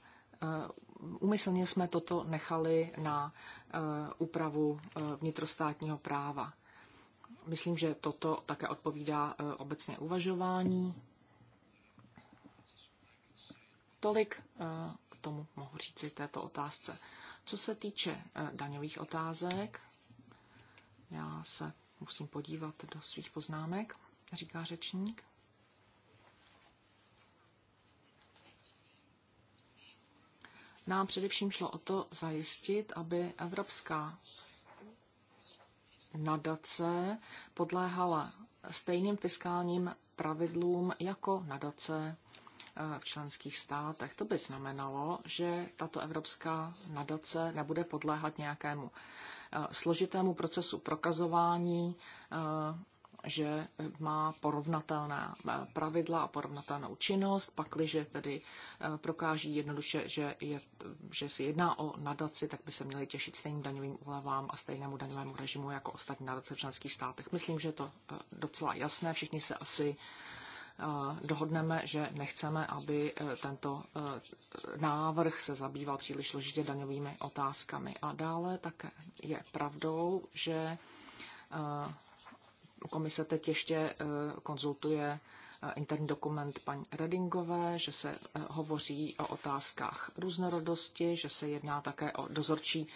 Úmyslně jsme toto nechali na eh, úpravu eh, vnitrostátního práva. Myslím, že toto také odpovídá eh, obecně uvažování. Tolik k tomu mohu říci této otázce. Co se týče daňových otázek, já se musím podívat do svých poznámek, říká řečník. Nám především šlo o to zajistit, aby Evropská nadace podléhala stejným fiskálním pravidlům jako nadace eh, v členských státech. To by znamenalo, že tato evropská nadace nebude podléhat nějakému eh, složitému procesu prokazování eh, že eh, má porovnatelná eh, pravidla a porovnatelnou činnost, pakliže tedy eh, prokáží jednoduše, že, je, že se jedná o nadaci, tak by se měli těšit stejným daňovým úlevám a stejnému daňovému režimu jako ostatní nadace v členských státech. Myslím, že je to docela jasné, všichni se asi dohodneme, že nechceme, aby tento návrh se zabýval příliš složitě daňovými otázkami. A dále také je pravdou, že Komise teď ještě eh, konzultuje eh, interní dokument paní Redingové, že se eh, hovoří o otázkách různorodosti, že se jedná také o dozorčí,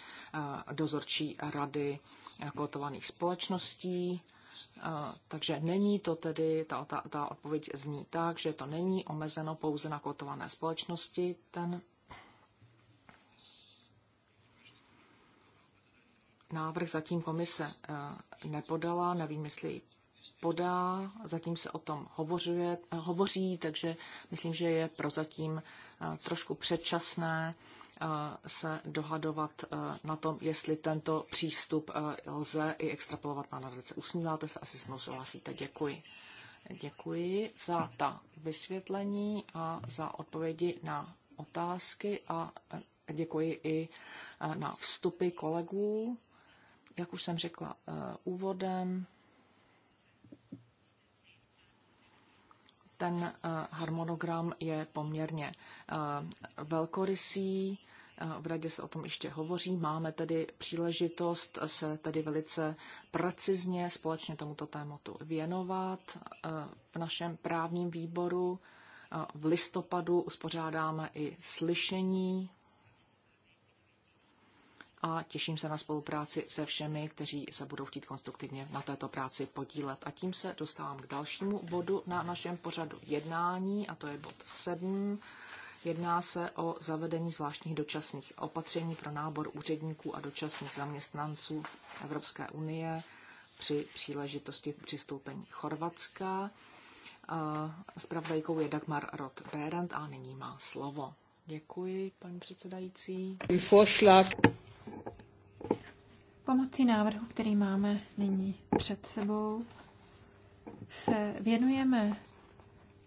dozorčí rady kotovaných společností. Takže není to tedy, ta, ta, ta odpověď zní tak, že to není omezeno pouze na kotované společnosti, ten návrh zatím komise eh, nepodala, nevím, jestli ji podá, zatím se o tom hovořuje, eh, hovoří, takže myslím, že je prozatím eh, trošku předčasné se dohadovat na tom, jestli tento přístup lze i extrapolovat na nadace. Usmíváte se, asi se mnou souhlasíte. Děkuji. Děkuji za ta vysvětlení a za odpovědi na otázky a děkuji i na vstupy kolegů. Jak už jsem řekla eh, úvodem, ten eh, harmonogram je poměrně eh, velkorysý. V radě se o tom ještě hovoří. Máme tedy příležitost se tedy velice precizně společně tomuto tématu věnovat. V našem právním výboru v listopadu uspořádáme i slyšení a těším se na spolupráci se všemi, kteří se budou chtít konstruktivně na této práci podílet. A tím se dostávám k dalšímu bodu na našem pořadu jednání, a to je bod 7. Jedná se o zavedení zvláštních dočasných opatření pro nábor úředníků a dočasných zaměstnanců Evropské unie při příležitosti přistoupení Chorvatska. Spravodajkou je Dagmar Roth Berend a nyní má slovo. Děkuji, paní předsedající. Pomocí návrhu, který máme nyní před sebou, se věnujeme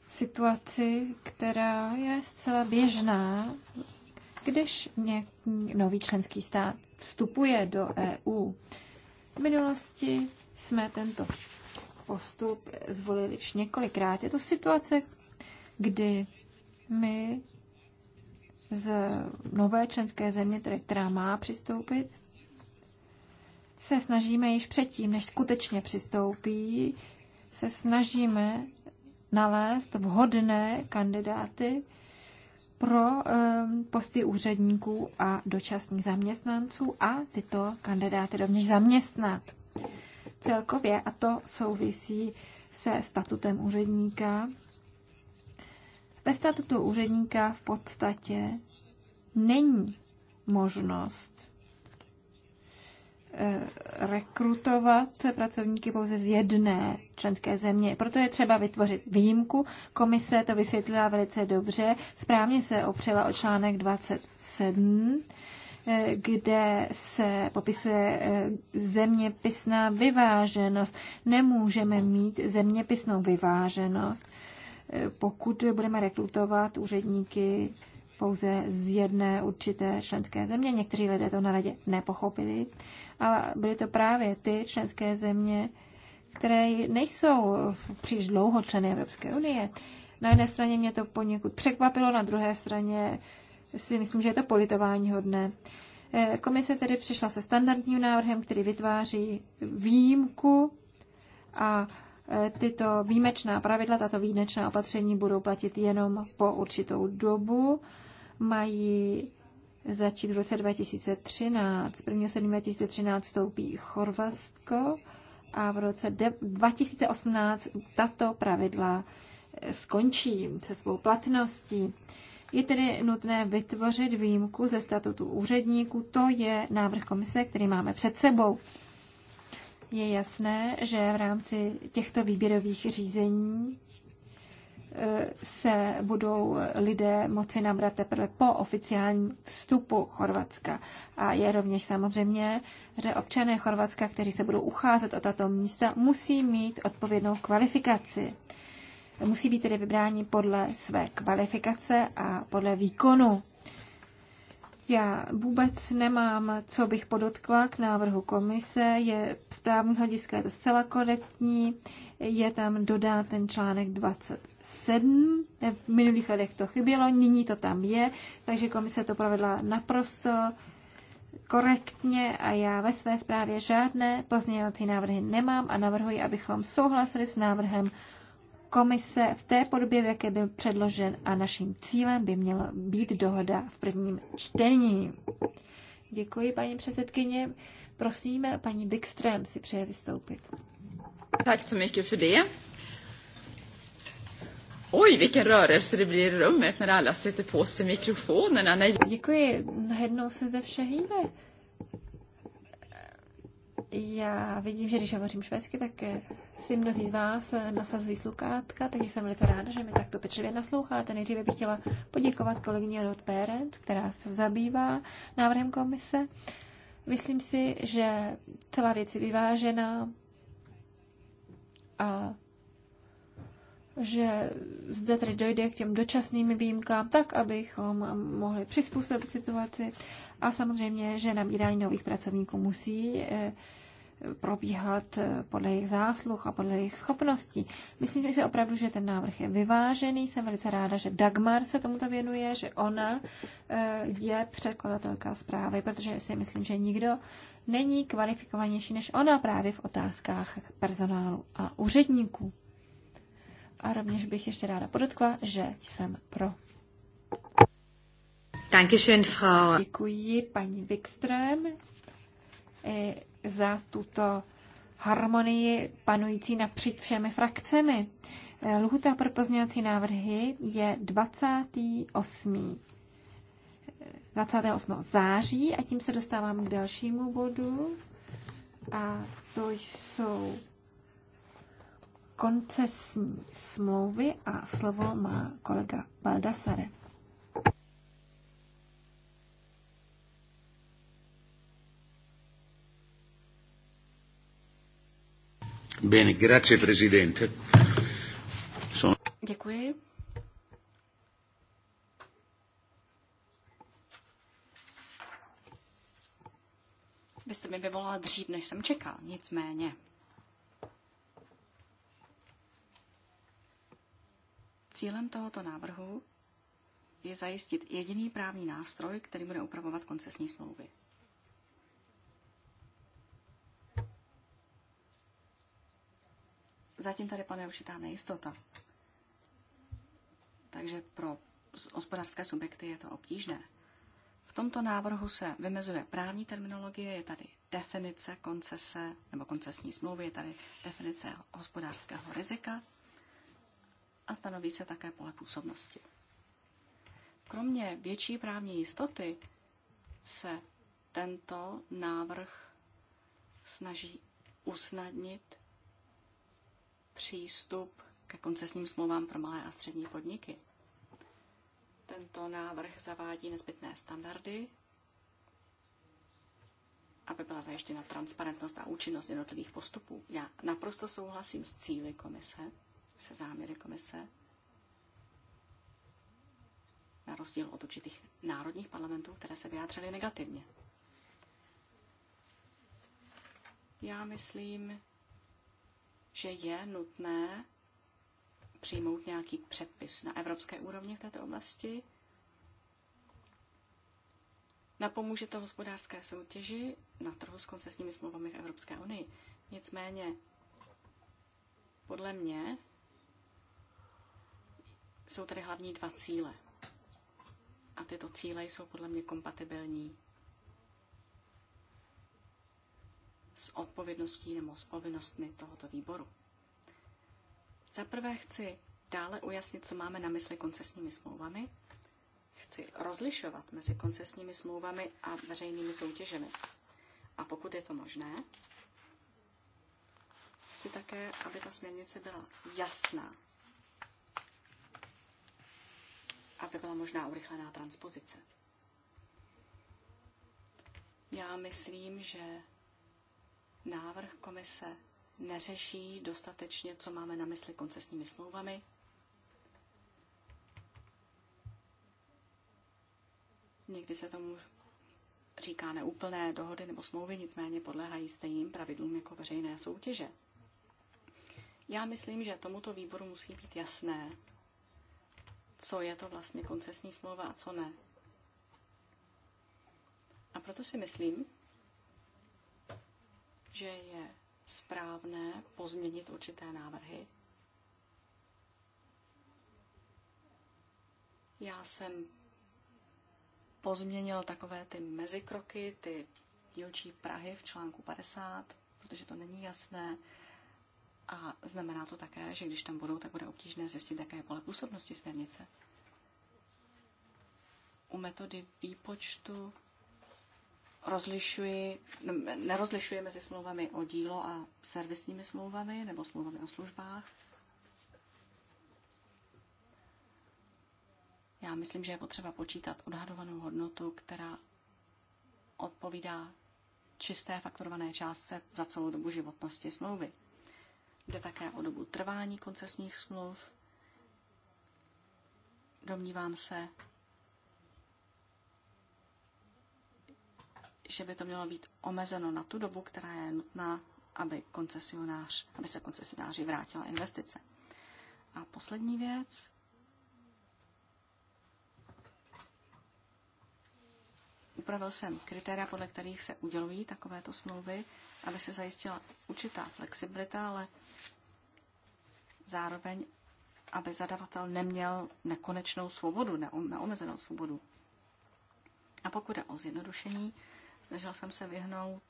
situaci, která je zcela běžná, když nějaký nový členský stát vstupuje do EU. V minulosti jsme tento postup zvolili již několikrát. Je to situace, kdy my z nové členské země, která má přistoupit, se snažíme již předtím, než skutečně přistoupí, se snažíme nalézt vhodné kandidáty pro ehm, posty úředníků a dočasných zaměstnanců a tyto kandidáty rovněž zaměstnat. Celkově, a to souvisí se statutem úředníka, ve statutu úředníka v podstatě není možnost Eh, rekrutovat pracovníky pouze z jedné členské země. Proto je třeba vytvořit výjimku. Komise to vysvětlila velice dobře. Správně se opřela o článek 27 eh, kde se popisuje eh, zeměpisná vyváženost. Nemůžeme mít zeměpisnou vyváženost, pokud budeme rekrutovat úředníky pouze z jedné určité členské země. Někteří lidé to na radě nepochopili a byly to právě ty členské země, které nejsou příliš dlouho členy Evropské unie. Na jedné straně mě to poněkud překvapilo, na druhé straně si myslím, že je to politování hodné. Eh, komise tedy přišla se standardním návrhem, který vytváří výjimku a eh, tyto výjimečná pravidla, tato výjimečná opatření budou platit jenom po určitou dobu mají začít v roce 2013. 1. 7. 2013 vstoupí Chorvatsko a v roce 2018 tato pravidla eh, skončí se svou platností. Je tedy nutné vytvořit výjimku ze statutu úředníků. To je návrh komise, který máme před sebou. Je jasné, že v rámci těchto výběrových řízení se budou lidé moci nabrat teprve po oficiálním vstupu Chorvatska. A je rovněž samozřejmě, že občané Chorvatska, kteří se budou ucházet o tato místa, musí mít odpovědnou kvalifikaci. Musí být tedy vybráni podle své kvalifikace a podle výkonu. Já vůbec nemám, co bych podotkla k návrhu komise. Je správný hlediska je to zcela korektní. Je tam dodán ten článek 20 sedm v minulých letech to chybělo, nyní to tam je, takže komise to provedla naprosto korektně a já ve své zprávě žádné pozměňovací návrhy nemám a navrhuji, abychom souhlasili s návrhem komise v té podobě, v jaké byl předložen a naším cílem by měla být dohoda v prvním čtení. Děkuji, paní předsedkyně. Prosím, paní Bikström si přeje vystoupit. Tak så mycket för det. Oj, vilken rörelse det blir i rummet när alla sätter på sig mikrofonerna. När... Děkuji, najednou se zde vše hýbe. Já vidím, že když hovořím švédsky, tak eh, si mnozí z vás eh, nasazují slukátka, takže jsem velice ráda, že mi takto pečlivě nasloucháte. Nejdříve bych chtěla poděkovat kolegyně Rod Perent, která se zabývá návrhem komise. Myslím si, že celá věc je vyvážená a že zde tedy dojde k těm dočasným výjimkám, tak abychom mohli přizpůsobit situaci a samozřejmě, že nabírání nových pracovníků musí eh, probíhat eh, podle jejich zásluh a podle jejich schopností. Myslím si opravdu, že ten návrh je vyvážený. Jsem velice ráda, že Dagmar se tomuto věnuje, že ona eh, je předkladatelka zprávy, protože si myslím, že nikdo není kvalifikovanější než ona právě v otázkách personálu a úředníků a rovněž bych ještě ráda podotkla, že jsem pro. Dankeschön, Frau. Děkuji paní Wikström za tuto harmonii panující napříč všemi frakcemi. Eh, Lhuta pro pozměňovací návrhy je 28. 28. Eh, září a tím se dostávám k dalšímu bodu a to jsou koncesní smlouvy a slovo má kolega Baldassare. Bene, grazie presidente. Sono... Děkuji. Vy jste mi vyvolala dřív, než jsem čekal, nicméně. Cílem tohoto návrhu je zajistit jediný právní nástroj, který bude upravovat koncesní smlouvy. Zatím tady panuje určitá nejistota. Takže pro hospodářské subjekty je to obtížné. V tomto návrhu se vymezuje právní terminologie, je tady definice koncese nebo koncesní smlouvy, je tady definice hospodářského rizika, a stanoví se také pole působnosti. Kromě větší právní jistoty se tento návrh snaží usnadnit přístup ke koncesním smlouvám pro malé a střední podniky. Tento návrh zavádí nezbytné standardy, aby byla zajištěna transparentnost a účinnost jednotlivých postupů. Já naprosto souhlasím s cíly komise, se záměry komise, na rozdíl od určitých národních parlamentů, které se vyjádřily negativně. Já myslím, že je nutné přijmout nějaký předpis na evropské úrovni v této oblasti. Napomůže to hospodářské soutěži na trhu s koncesními smlouvami v Evropské unii. Nicméně, podle mě, jsou tady hlavní dva cíle. A tyto cíle jsou podle mě kompatibilní s odpovědností nebo s povinnostmi tohoto výboru. Za prvé chci dále ujasnit, co máme na mysli koncesními smlouvami. Chci rozlišovat mezi koncesními smlouvami a veřejnými soutěžemi. A pokud je to možné, chci také, aby ta směrnice byla jasná, aby byla možná urychlená transpozice. Já myslím, že návrh komise neřeší dostatečně, co máme na mysli koncesními smlouvami. Někdy se tomu říká neúplné dohody nebo smlouvy, nicméně podléhají stejným pravidlům jako veřejné soutěže. Já myslím, že tomuto výboru musí být jasné, co je to vlastně koncesní smlouva a co ne. A proto si myslím, že je správné pozměnit určité návrhy. Já jsem pozměnil takové ty mezikroky, ty dílčí Prahy v článku 50, protože to není jasné. A znamená to také, že když tam budou, tak bude obtížné zjistit, jaké je pole působnosti směrnice. U metody výpočtu rozlišuji, nerozlišuji mezi smlouvami o dílo a servisními smlouvami nebo smlouvami o službách. Já myslím, že je potřeba počítat odhadovanou hodnotu, která odpovídá čisté fakturované částce za celou dobu životnosti smlouvy. Jde také o dobu trvání koncesních smluv. Domnívám se, že by to mělo být omezeno na tu dobu, která je nutná, aby, koncesionář, aby se koncesionáři vrátila investice. A poslední věc. Upravil jsem kritéria, podle kterých se udělují takovéto smlouvy aby se zajistila určitá flexibilita, ale zároveň, aby zadavatel neměl nekonečnou svobodu, neomezenou svobodu. A pokud je o zjednodušení, snažil jsem se vyhnout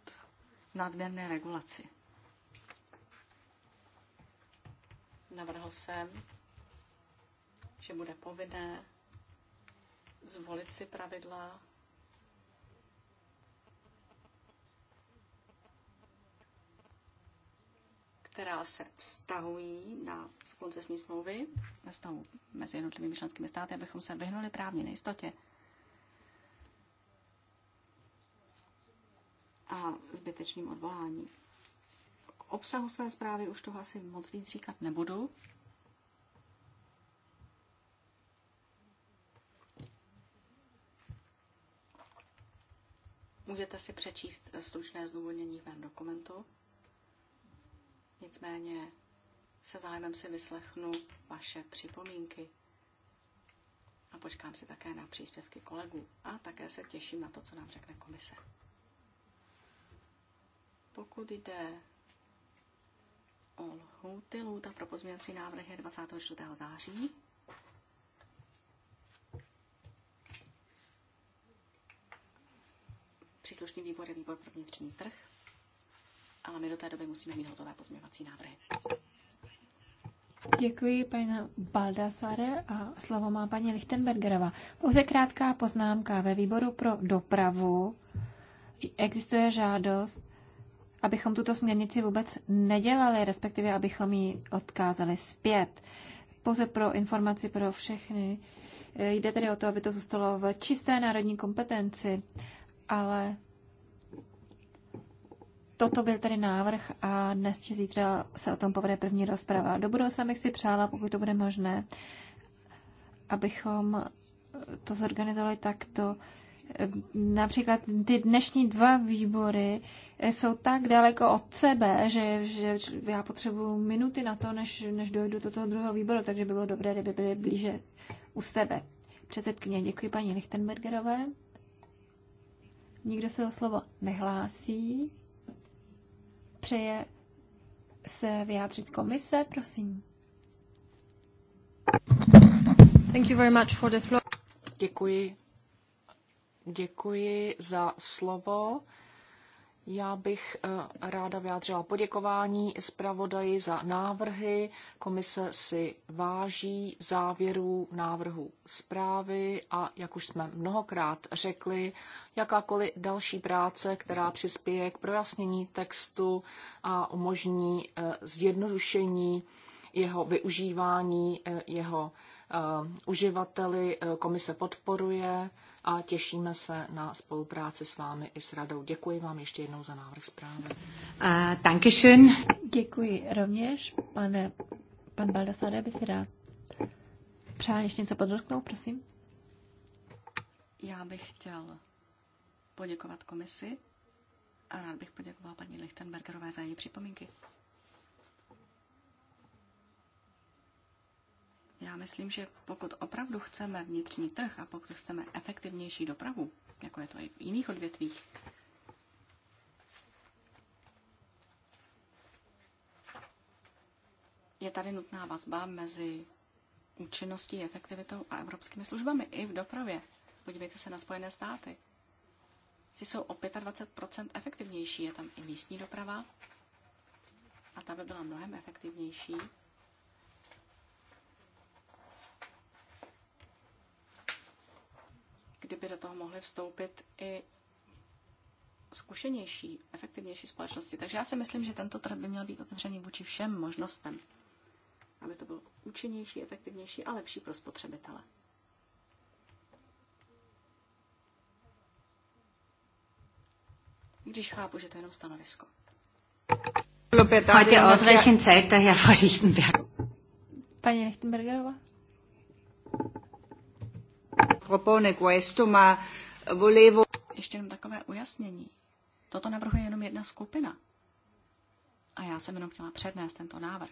nadměrné regulaci. Navrhl jsem, že bude povinné zvolit si pravidla která se vztahují na koncesní smlouvy ve vztahu mezi jednotlivými členskými státy, abychom se vyhnuli právní nejistotě. a zbytečným odvolání. K obsahu své zprávy už toho asi moc víc říkat nebudu. Můžete si přečíst stručné zdůvodnění v mém dokumentu. Nicméně se zájmem si vyslechnu vaše připomínky a počkám si také na příspěvky kolegů a také se těším na to, co nám řekne komise. Pokud jde o lhůty, lhůta pro pozměňovací návrhy 24. září. Příslušný výbor je výbor pro vnitřní trh ale my do té doby musíme mít hotové pozměňovací návrhy. Děkuji, paní Baldasare. A slovo má paní Lichtenbergerová. Pouze krátká poznámka. Ve výboru pro dopravu existuje žádost, abychom tuto směrnici vůbec nedělali, respektive abychom ji odkázali zpět. Pouze pro informaci pro všechny. Jde tedy o to, aby to zůstalo v čisté národní kompetenci, ale Toto byl tedy návrh a dnes či zítra se o tom povede první rozprava. Do budoucna bych si přála, pokud to bude možné, abychom to zorganizovali takto. Například ty dnešní dva výbory jsou tak daleko od sebe, že, že já potřebuji minuty na to, než, než dojdu do toho druhého výboru, takže by bylo dobré, kdyby byly blíže u sebe. Předsedkyně, děkuji paní Lichtenbergerové. Nikdo se o slovo nehlásí. Přeje se vyjádřit komise, prosím. Thank you very much for the floor. Děkuji. Děkuji za slovo. Já bych eh, ráda vyjádřila poděkování zpravodaji za návrhy. Komise si váží závěrů návrhu zprávy a, jak už jsme mnohokrát řekli, jakákoliv další práce, která přispěje k projasnění textu a umožní eh, zjednodušení jeho využívání, eh, jeho uživateli, komise podporuje a těšíme se na spolupráci s vámi i s radou. Děkuji vám ještě jednou za návrh zprávy. Uh, Děkuji rovněž. Pane, pan Baldasade by si rád přál ještě něco podotknout, prosím. Já bych chtěl poděkovat komisi a rád bych poděkoval paní Lichtenbergerové za její připomínky. Já myslím, že pokud opravdu chceme vnitřní trh a pokud chceme efektivnější dopravu, jako je to i v jiných odvětvích, je tady nutná vazba mezi účinností, efektivitou a evropskými službami i v dopravě. Podívejte se na Spojené státy. Ty jsou o 25 efektivnější. Je tam i místní doprava a ta by byla mnohem efektivnější kdyby do toho mohly vstoupit i zkušenější, efektivnější společnosti. Takže já si myslím, že tento trh by měl být otevřený vůči všem možnostem, aby to bylo účinnější, efektivnější a lepší pro spotřebitele. Když chápu, že to je jenom stanovisko. Heute ausreichend Zeit daher, Frau Paní Lichtenbergerová propone questo, ma volevo... Ještě jenom takové ujasnění. Toto navrhuje jenom jedna skupina. A já jsem jenom chtěla přednést tento návrh.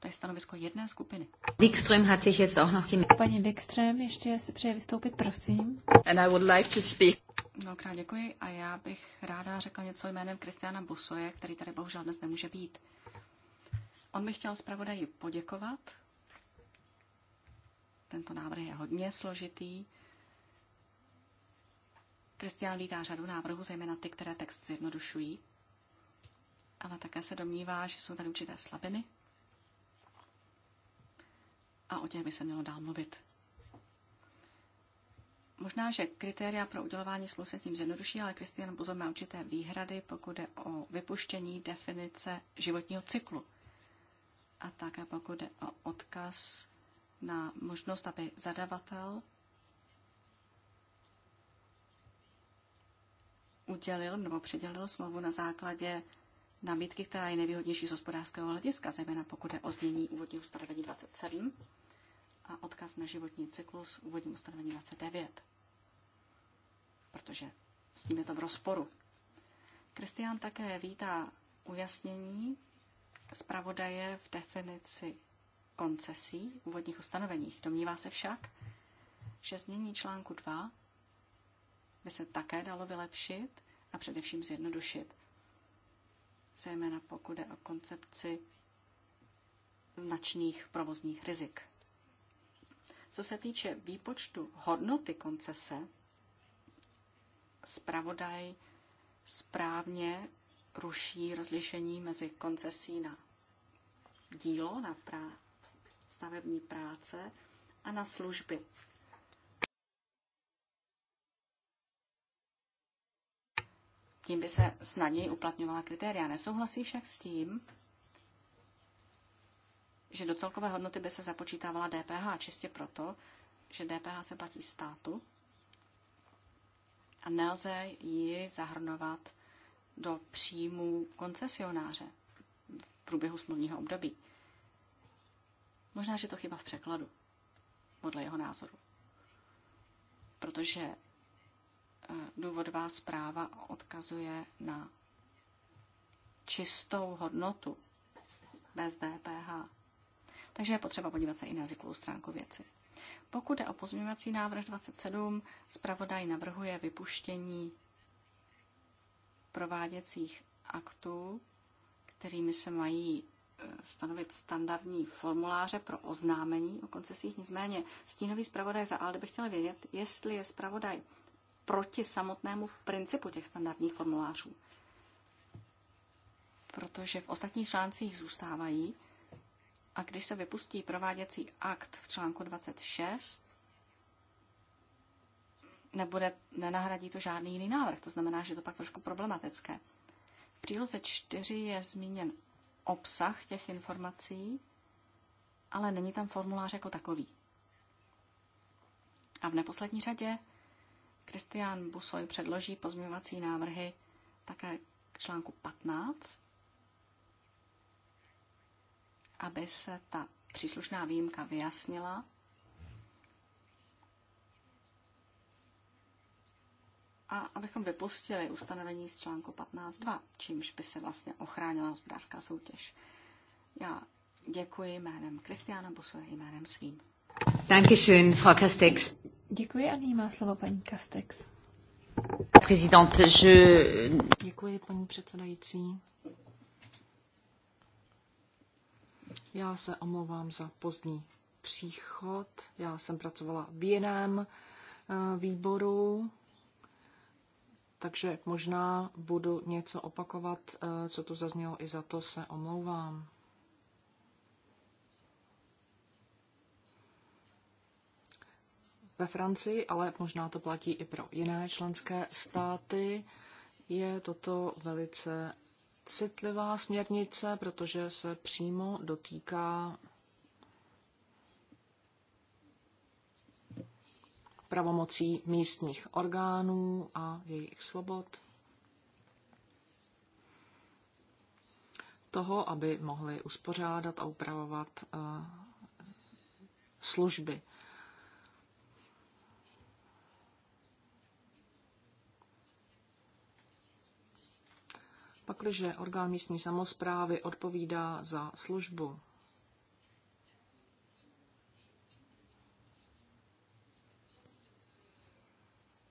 To je stanovisko jedné skupiny. Wikström hat sich jetzt auch noch Paní Wikström ještě si přeje vystoupit, prosím. And I would like to speak. Mnohokrát děkuji a já bych ráda řekla něco jménem Kristiana Busoje, který tady bohužel dnes nemůže být. On by chtěl zpravodaji poděkovat. Tento návrh je hodně složitý Kristián vítá řadu návrhů, zejména ty, které text zjednodušují, ale také se domnívá, že jsou tady určité slabiny a o těch by se mělo dál mluvit. Možná, že kritéria pro udělování smluv se tím zjednoduší, ale Kristian pozor má určité výhrady, pokud jde o vypuštění definice životního cyklu. A také pokud jde o odkaz na možnost, aby zadavatel udělil nebo přidělil smlouvu na základě nabídky, která je nejvýhodnější z hospodářského hlediska, zejména pokud je o znění úvodního ustanovení 27 a odkaz na životní cyklus úvodním ustanovení 29. Protože s tím je to v rozporu. Kristián také vítá ujasnění zpravodaje v definici koncesí v úvodních ustanoveních. Domnívá se však, že změní článku 2 by se také dalo vylepšit a především zjednodušit. Zejména pokud je o koncepci značných provozních rizik. Co se týče výpočtu hodnoty koncese, zpravodaj správně ruší rozlišení mezi koncesí na dílo, na prá- stavební práce a na služby, Tím by se snadněji uplatňovala kritéria. Nesouhlasí však s tím, že do celkové hodnoty by se započítávala DPH čistě proto, že DPH se platí státu a nelze ji zahrnovat do příjmu koncesionáře v průběhu smluvního období. Možná, že to chyba v překladu, podle jeho názoru. Protože důvodová zpráva odkazuje na čistou hodnotu bez DPH. Takže je potřeba podívat se i na jazykovou stránku věci. Pokud je o pozměňovací návrh 27, zpravodaj navrhuje vypuštění prováděcích aktů, kterými se mají e, stanovit standardní formuláře pro oznámení o koncesích. Nicméně stínový zpravodaj za ALDE by chtěl vědět, jestli je zpravodaj proti samotnému principu těch standardních formulářů. Protože v ostatních článcích zůstávají a když se vypustí prováděcí akt v článku 26, nebude, nenahradí to žádný jiný návrh. To znamená, že je to pak trošku problematické. V příloze 4 je zmíněn obsah těch informací, ale není tam formulář jako takový. A v neposlední řadě Kristián Busoj předloží pozměňovací návrhy také k článku 15, aby se ta příslušná výjimka vyjasnila. A abychom vypustili ustanovení z článku 15.2, čímž by se vlastně ochránila hospodářská soutěž. Já děkuji jménem Kristiána Busoje jménem svým. Dankeschön, Frau Castex. Děkuji a nyní má slovo paní Castex. Prezident, je... Děkuji, paní předsedající. Já se omlouvám za pozdní příchod. Já jsem pracovala v jiném eh, výboru, takže možná budu něco opakovat, eh, co tu zaznělo, i za to se omlouvám. ve Francii, ale možná to platí i pro jiné členské státy, je toto velice citlivá směrnice, protože se přímo dotýká pravomocí místních orgánů a jejich svobod. Toho, aby mohli uspořádat a upravovat eh, služby. pakliže orgán místní samozprávy odpovídá za službu.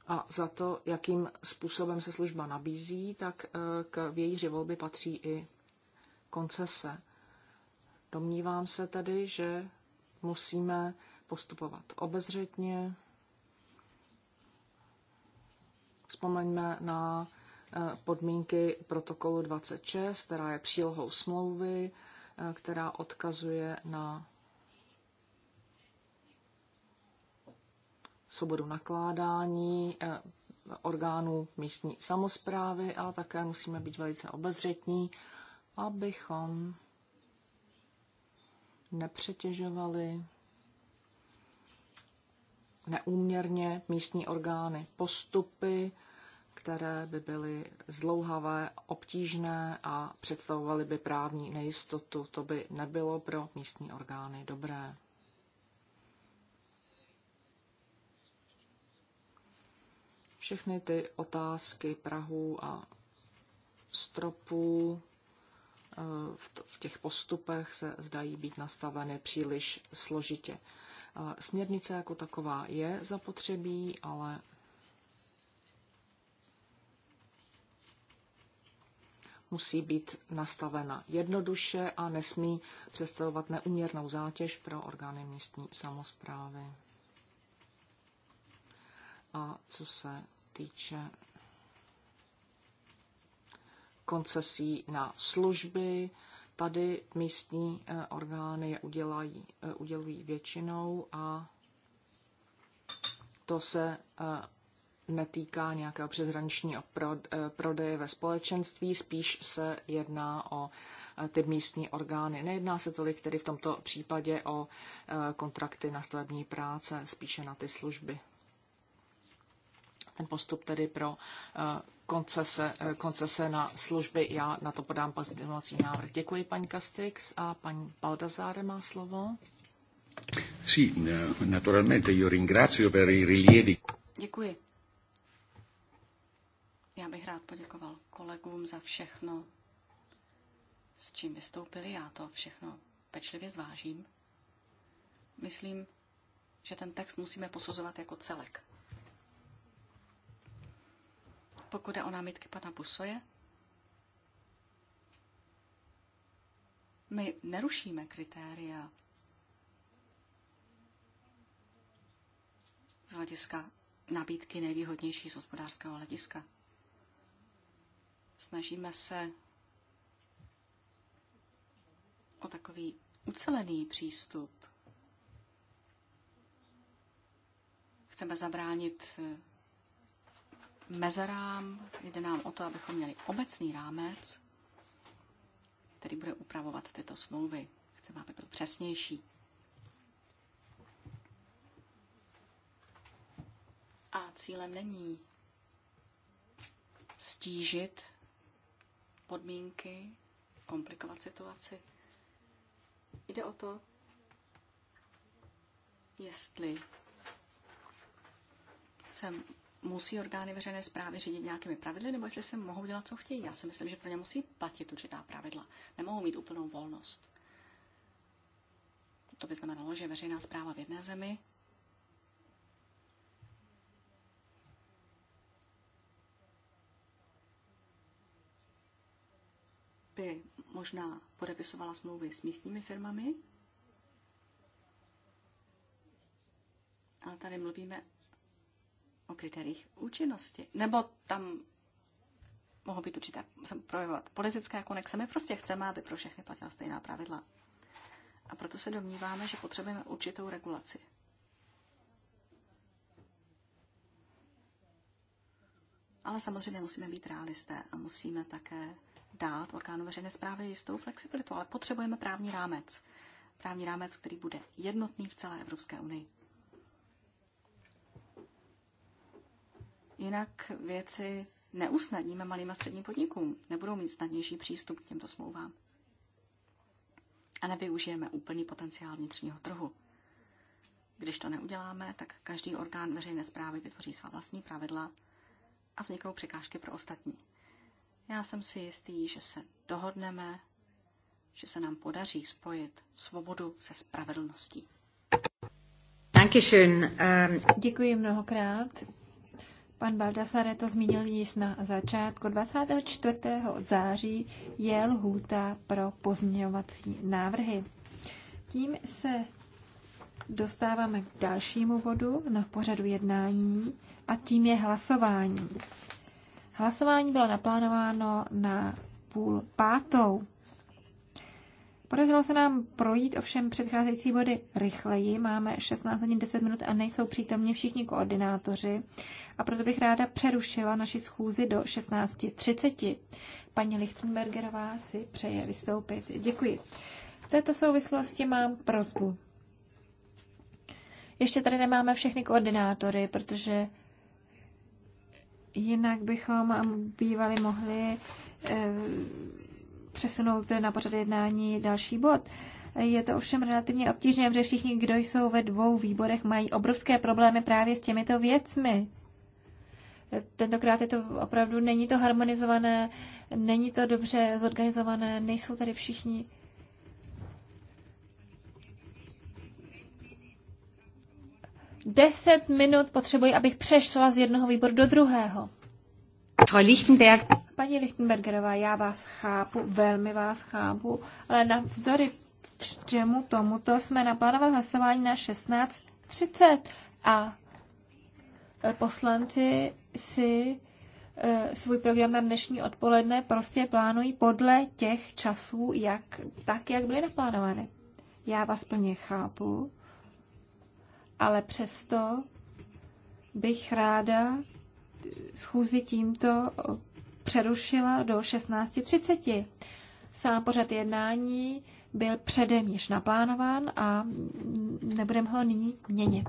A za to, jakým způsobem se služba nabízí, tak eh, k vějíři volby patří i koncese. Domnívám se tedy, že musíme postupovat obezřetně. Vzpomeňme na Eh, podmínky protokolu 26, která je přílohou smlouvy, eh, která odkazuje na svobodu nakládání eh, orgánů místní samozprávy, ale také musíme být velice obezřetní, abychom nepřetěžovali neúměrně místní orgány postupy, které by byly zlouhavé, obtížné a představovaly by právní nejistotu. To by nebylo pro místní orgány dobré. Všechny ty otázky Prahu a stropů eh, v těch postupech se zdají být nastaveny příliš složitě. Eh, směrnice jako taková je zapotřebí, ale musí být nastavena jednoduše a nesmí představovat neuměrnou zátěž pro orgány místní samozprávy. A co se týče koncesí na služby, tady místní eh, orgány je udělají, eh, udělují většinou a to se eh, netýká nějakého přeshraničního eh, prodeje ve společenství, spíš se jedná o eh, ty místní orgány. Nejedná se tolik tedy v tomto případě o eh, kontrakty na stavební práce, spíše na ty služby. Ten postup tedy pro koncese, koncese na služby, já na to podám pozměňovací návrh. Děkuji, paní Kastix a paní Baldazáre má slovo. Sì, naturalmente io ringrazio per i rilievi. Děkuji. Já bych rád poděkoval kolegům za všechno, s čím vystoupili. Já to všechno pečlivě zvážím. Myslím, že ten text musíme posuzovat jako celek. Pokud je o námitky pana Busoje, my nerušíme kritéria z hlediska nabídky nejvýhodnější z hospodářského hlediska. Snažíme se o takový ucelený přístup. Chceme zabránit eh, mezerám, jde nám o to, abychom měli obecný rámec, který bude upravovat tyto smlouvy. Chceme, aby byl přesnější. A cílem není stížit podmínky, komplikovat situaci. Jde o to, jestli se musí orgány veřejné zprávy řídit nějakými pravidly, nebo jestli se mohou dělat, co chtějí. Já si myslím, že pro ně musí platit určitá pravidla. Nemohou mít úplnou volnost. To by znamenalo, že veřejná zpráva v jedné zemi by možná podepisovala smlouvy s místními firmami, ale tady mluvíme o kritériích účinnosti. Nebo tam mohou být určité projevovat politické konexe. My prostě chceme, aby pro všechny platila stejná pravidla. A proto se domníváme, že potřebujeme určitou regulaci. Ale samozřejmě musíme být realisté a musíme také dát orgánu veřejné zprávy jistou flexibilitu, ale potřebujeme právní rámec. Právní rámec, který bude jednotný v celé Evropské unii. Jinak věci neusnadníme malým a středním podnikům. Nebudou mít snadnější přístup k těmto smlouvám. A nevyužijeme úplný potenciál vnitřního trhu. Když to neuděláme, tak každý orgán veřejné zprávy vytvoří svá vlastní pravidla a vzniknou překážky pro ostatní. Já jsem si jistý, že se dohodneme, že se nám podaří spojit svobodu se spravedlností. Ehm, Děkuji mnohokrát. Pan Baldassare to zmínil již na začátku. 24. září je lhůta pro pozměňovací návrhy. Tím se dostáváme k dalšímu bodu na pořadu jednání a tím je hlasování. Hlasování bylo naplánováno na půl pátou. Podařilo se nám projít ovšem předcházející body rychleji. Máme 16 hodin 10 minut a nejsou přítomni všichni koordinátoři. A proto bych ráda přerušila naši schůzi do 16.30. Paní Lichtenbergerová si přeje vystoupit. Děkuji. V této souvislosti mám prozbu. Ještě tady nemáme všechny koordinátory, protože Jinak bychom bývali mohli eh, přesunout na pořad jednání další bod. Je to ovšem relativně obtížné, protože všichni, kdo jsou ve dvou výborech, mají obrovské problémy právě s těmito věcmi. Tentokrát je to opravdu, není to harmonizované, není to dobře zorganizované, nejsou tady všichni Deset minut potřebuji, abych přešla z jednoho výboru do druhého. Frau Lichtenberg. Paní Lichtenbergerová, já vás chápu, velmi vás chápu, ale na vzory všemu tomuto jsme naplánovali hlasování na 16.30 a e, poslanci si e, svůj program na dnešní odpoledne prostě plánují podle těch časů, jak, tak, jak byly naplánovány. Já vás plně chápu, ale přesto bych ráda schůzi tímto přerušila do 16.30. Sám pořad jednání byl předem již naplánován a nebudeme ho nyní měnit.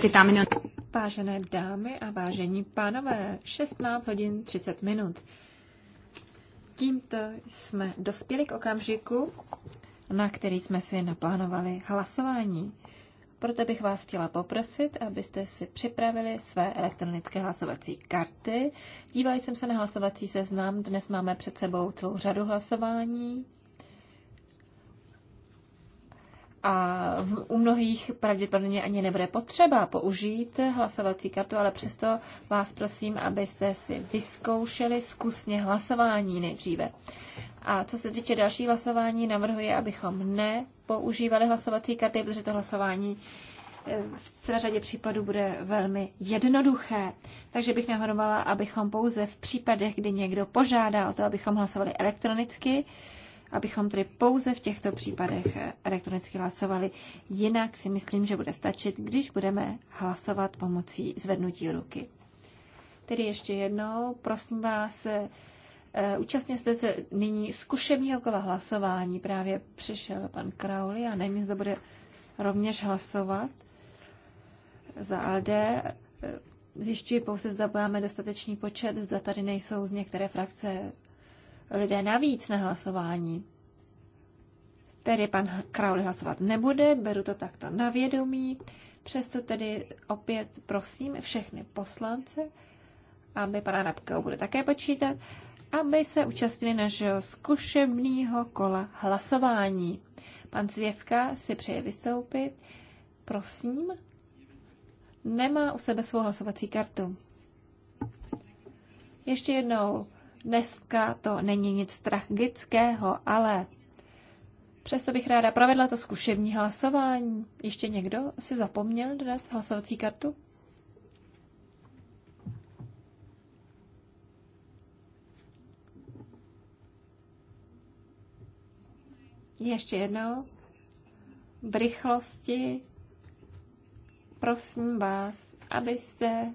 ty tam Vážené dámy a vážení pánové, 16 hodin 30 minut. Tímto jsme dospěli k okamžiku, na který jsme si naplánovali hlasování. Proto bych vás chtěla poprosit, abyste si připravili své elektronické hlasovací karty. Dívali jsem se na hlasovací seznam, dnes máme před sebou celou řadu hlasování. a v, u mnohých pravděpodobně ani nebude potřeba použít hlasovací kartu, ale přesto vás prosím, abyste si vyzkoušeli zkusně hlasování nejdříve. A co se týče další hlasování, navrhuji, abychom nepoužívali hlasovací karty, protože to hlasování eh, v celé řadě případů bude velmi jednoduché. Takže bych navrhovala, abychom pouze v případech, kdy někdo požádá o to, abychom hlasovali elektronicky, abychom tedy pouze v těchto případech eh, elektronicky hlasovali. Jinak si myslím, že bude stačit, když budeme hlasovat pomocí zvednutí ruky. Tedy ještě jednou, prosím vás, eh, eh, Účastněte se nyní zkušebního kola hlasování. Právě přišel pan Crowley a nevím, zda bude rovněž hlasovat za ALDE. Zjišťuji pouze, zda budeme dostatečný počet, zda tady nejsou z některé frakce lidé navíc na hlasování. Tedy pan Crowley hlasovat nebude, beru to takto na vědomí. Přesto tedy opět prosím všechny poslance, aby pana Rabkeho bude také počítat, aby se účastnili našeho zkušebního kola hlasování. Pan Zvěvka si přeje vystoupit. Prosím, nemá u sebe svou hlasovací kartu. Ještě jednou Dneska to není nic tragického, ale přesto bych ráda provedla to zkušební hlasování. Ještě někdo si zapomněl dnes hlasovací kartu? Ještě jednou. V rychlosti prosím vás, abyste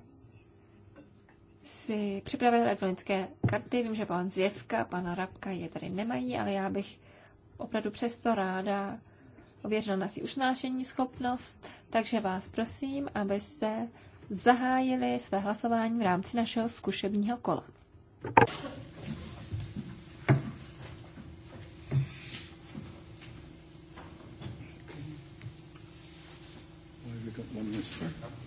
si připravili elektronické karty. Vím, že pan Zjevka, pan Rabka je tady nemají, ale já bych opravdu přesto ráda ověřila na si usnášení schopnost, takže vás prosím, abyste zahájili své hlasování v rámci našeho zkušebního kola. Thank you.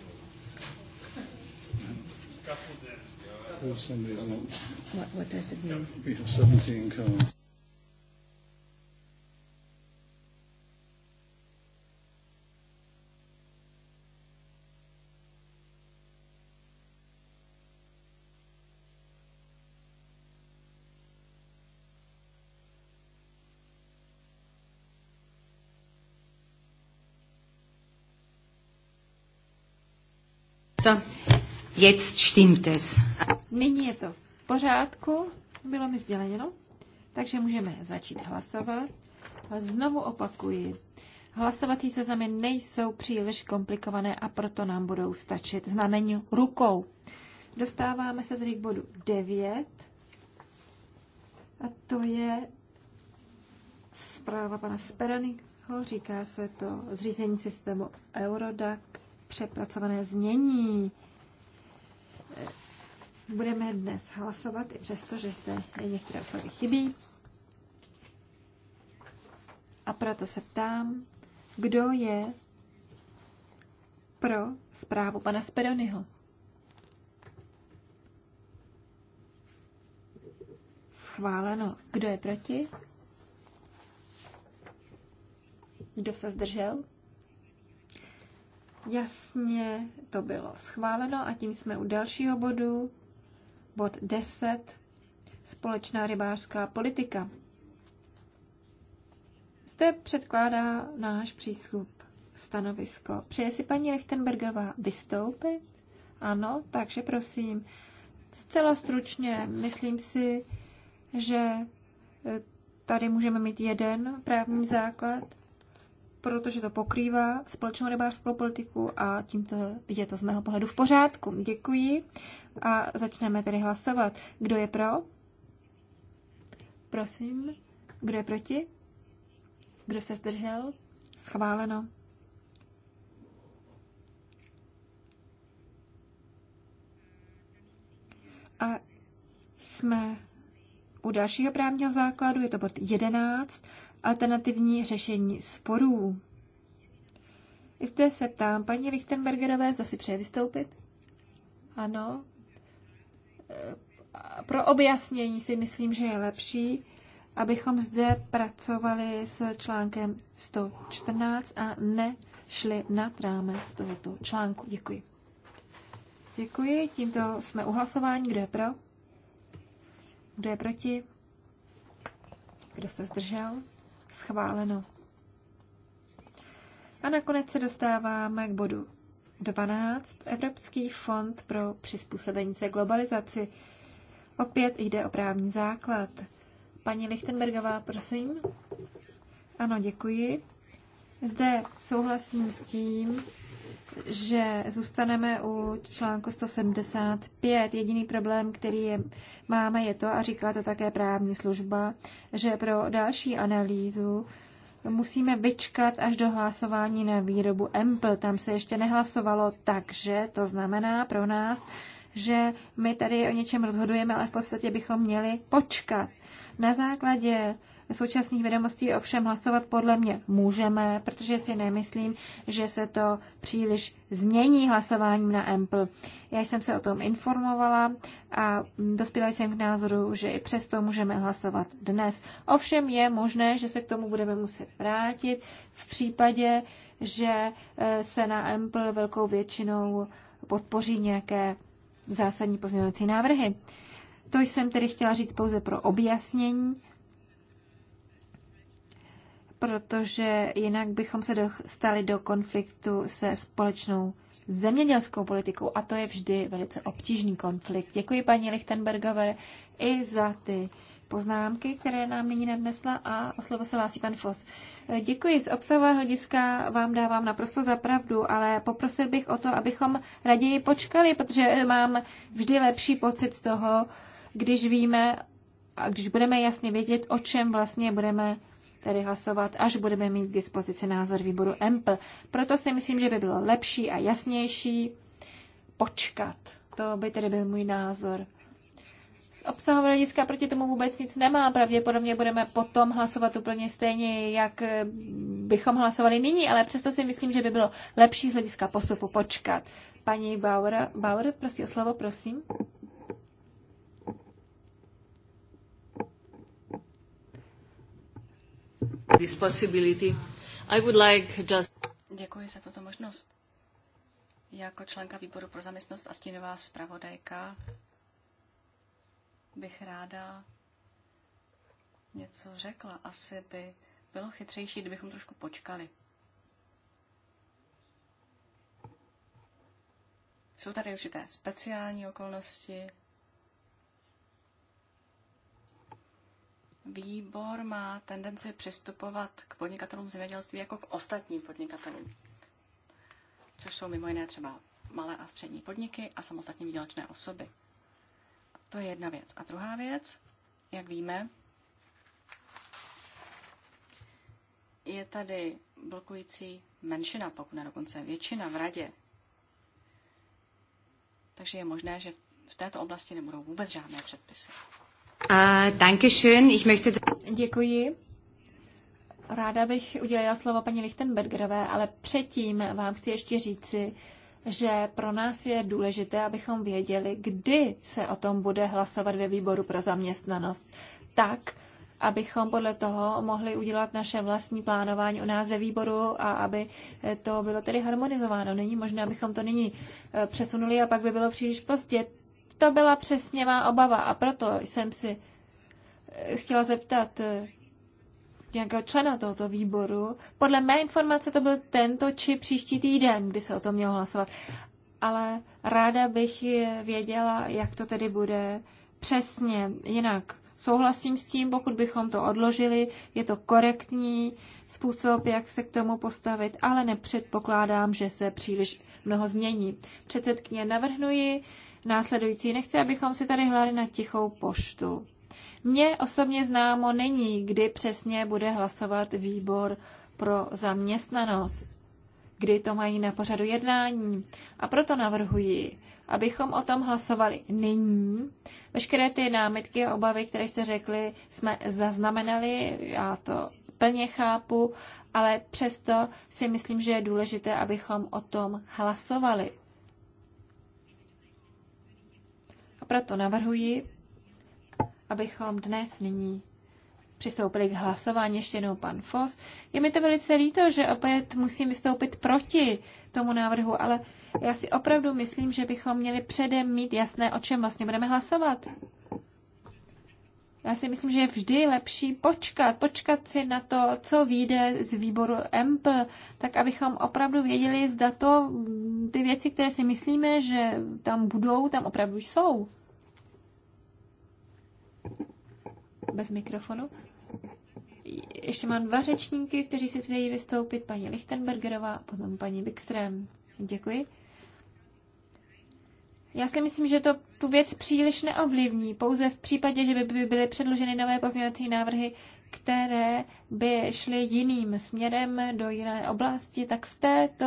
What, what does it mean? We have 17 cards. So, Jetzt stimmt es. Nyní je to v pořádku, bylo mi sděleněno, takže můžeme začít hlasovat. A znovu opakuji, hlasovací seznamy nejsou příliš komplikované a proto nám budou stačit znamení rukou. Dostáváme se tedy k bodu 9 a to je zpráva pana Speronyho, říká se to zřízení systému Eurodac, přepracované znění. Budeme dnes hlasovat, i přesto, že zde některé osoby chybí. A proto se ptám, kdo je pro zprávu pana Speronyho. Schváleno. Kdo je proti? Kdo se zdržel? Jasně, to bylo schváleno a tím jsme u dalšího bodu. Bod 10. Společná rybářská politika. Zde předkládá náš přístup stanovisko. Přeje si paní Lichtenbergová vystoupit? Ano, takže prosím, zcela stručně, myslím si, že eh, tady můžeme mít jeden právní základ protože to pokrývá společnou rybářskou politiku a tímto je to z mého pohledu v pořádku. Děkuji a začneme tedy hlasovat. Kdo je pro? Prosím. Kdo je proti? Kdo se zdržel? Schváleno. A jsme u dalšího právního základu, je to bod 11, alternativní řešení sporů. I zde se ptám paní Lichtenbergerové, zda si přeje vystoupit. Ano. E, pro objasnění si myslím, že je lepší, abychom zde pracovali s článkem 114 a nešli nad rámec tohoto článku. Děkuji. Děkuji. Tímto jsme hlasování. Kdo je pro? Kdo je proti? Kdo se zdržel? Schváleno. A nakonec se dostáváme k bodu 12. Evropský fond pro přizpůsobení se globalizaci. Opět jde o právní základ. Paní Lichtenbergová, prosím. Ano, děkuji. Zde souhlasím s tím, že zůstaneme u článku 175. Jediný problém, který je, máme, je to, a říká to také právní služba, že pro další analýzu musíme vyčkat až do hlasování na výrobu Empl. Tam se ještě nehlasovalo, takže to znamená pro nás, že my tady o něčem rozhodujeme, ale v podstatě bychom měli počkat. Na základě současných vědomostí ovšem hlasovat podle mě můžeme, protože si nemyslím, že se to příliš změní hlasováním na Ample. Já jsem se o tom informovala a dospěla jsem k názoru, že i přesto můžeme hlasovat dnes. Ovšem je možné, že se k tomu budeme muset vrátit v případě, že eh, se na Ample velkou většinou podpoří nějaké zásadní pozměňovací návrhy. To jsem tedy chtěla říct pouze pro objasnění protože jinak bychom se dostali do konfliktu se společnou zemědělskou politikou a to je vždy velice obtížný konflikt. Děkuji paní Lichtenbergové i za ty poznámky, které nám nyní nadnesla a o slovo se hlásí pan Fos. Děkuji. Z obsahového hlediska vám dávám naprosto za pravdu, ale poprosil bych o to, abychom raději počkali, protože mám vždy lepší pocit z toho, když víme a když budeme jasně vědět, o čem vlastně budeme tedy hlasovat, až budeme mít k dispozici názor výboru EMPL. Proto si myslím, že by bylo lepší a jasnější počkat. To by tedy byl můj názor. Z obsahového hlediska proti tomu vůbec nic nemá. Pravděpodobně budeme potom hlasovat úplně stejně, jak bychom hlasovali nyní, ale přesto si myslím, že by bylo lepší z hlediska postupu počkat. Paní Bauer, Bauer prosím o slovo, prosím. this possibility. I would like just... Děkuji za tuto možnost. Jako členka výboru pro zaměstnost a stínová zpravodajka bych ráda něco řekla. Asi by bylo chytřejší, kdybychom trošku počkali. Jsou tady určité speciální okolnosti, Výbor má tendenci přistupovat k podnikatelům zemědělství jako k ostatním podnikatelům, což jsou mimo jiné třeba malé a střední podniky a samostatně výdělečné osoby. To je jedna věc. A druhá věc, jak víme, je tady blokující menšina, pokud ne dokonce většina v radě. Takže je možné, že v této oblasti nebudou vůbec žádné předpisy. Děkuji. Ráda bych udělala slovo paní Lichtenbergerové, ale předtím vám chci ještě říci, že pro nás je důležité, abychom věděli, kdy se o tom bude hlasovat ve výboru pro zaměstnanost. Tak, abychom podle toho mohli udělat naše vlastní plánování u nás ve výboru a aby to bylo tedy harmonizováno. Není možné, abychom to nyní eh, přesunuli a pak by bylo příliš pozdě. To byla přesně má obava a proto jsem si eh, chtěla zeptat eh, nějakého člena tohoto výboru. Podle mé informace to byl tento či příští týden, kdy se o tom mělo hlasovat. Ale ráda bych věděla, jak to tedy bude přesně. Jinak souhlasím s tím, pokud bychom to odložili, je to korektní způsob, jak se k tomu postavit, ale nepředpokládám, že se příliš mnoho změní. Předsedkyně navrhnuji, následující. Nechci, abychom si tady hlali na tichou poštu. Mně osobně známo není, kdy přesně bude hlasovat výbor pro zaměstnanost, kdy to mají na pořadu jednání. A proto navrhuji, abychom o tom hlasovali nyní. Veškeré ty námitky a obavy, které jste řekli, jsme zaznamenali, já to plně chápu, ale přesto si myslím, že je důležité, abychom o tom hlasovali. proto navrhuji, abychom dnes nyní přistoupili k hlasování. Ještě jednou pan Fos. Je mi to velice líto, že opět musím vystoupit proti tomu návrhu, ale já si opravdu myslím, že bychom měli předem mít jasné, o čem vlastně budeme hlasovat. Já si myslím, že je vždy lepší počkat, počkat si na to, co vyjde z výboru EMPL, tak abychom opravdu věděli, zda to mm, ty věci, které si myslíme, že tam budou, tam opravdu jsou. Bez mikrofonu. Ještě mám dva řečníky, kteří si chtějí vystoupit, paní Lichtenbergerová a potom paní Bikström. Děkuji. Já si myslím, že to tu věc příliš neovlivní. Pouze v případě, že by byly předloženy nové pozměňovací návrhy, které by šly jiným směrem do jiné oblasti, tak v, této,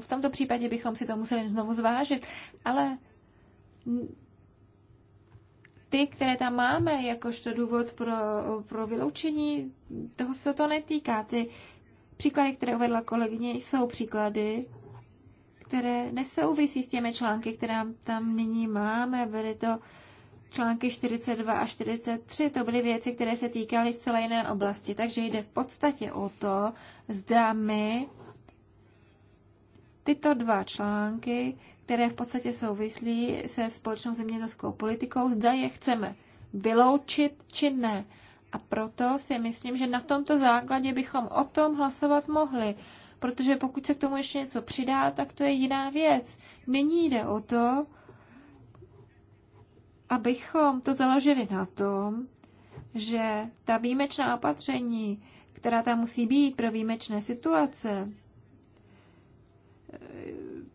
v tomto případě bychom si to museli znovu zvážit. Ale ty, které tam máme, jakožto důvod pro, pro vyloučení, toho se to netýká. Ty příklady, které uvedla kolegyně, jsou příklady, které nesouvisí s těmi články, které tam nyní máme. Byly to články 42 a 43, to byly věci, které se týkaly zcela jiné oblasti. Takže jde v podstatě o to, zda my tyto dva články, které v podstatě souvislí se společnou zemědělskou politikou, zda je chceme vyloučit či ne. A proto si myslím, že na tomto základě bychom o tom hlasovat mohli protože pokud se k tomu ještě něco přidá, tak to je jiná věc. Není jde o to, abychom to založili na tom, že ta výjimečná opatření, která tam musí být pro výjimečné situace,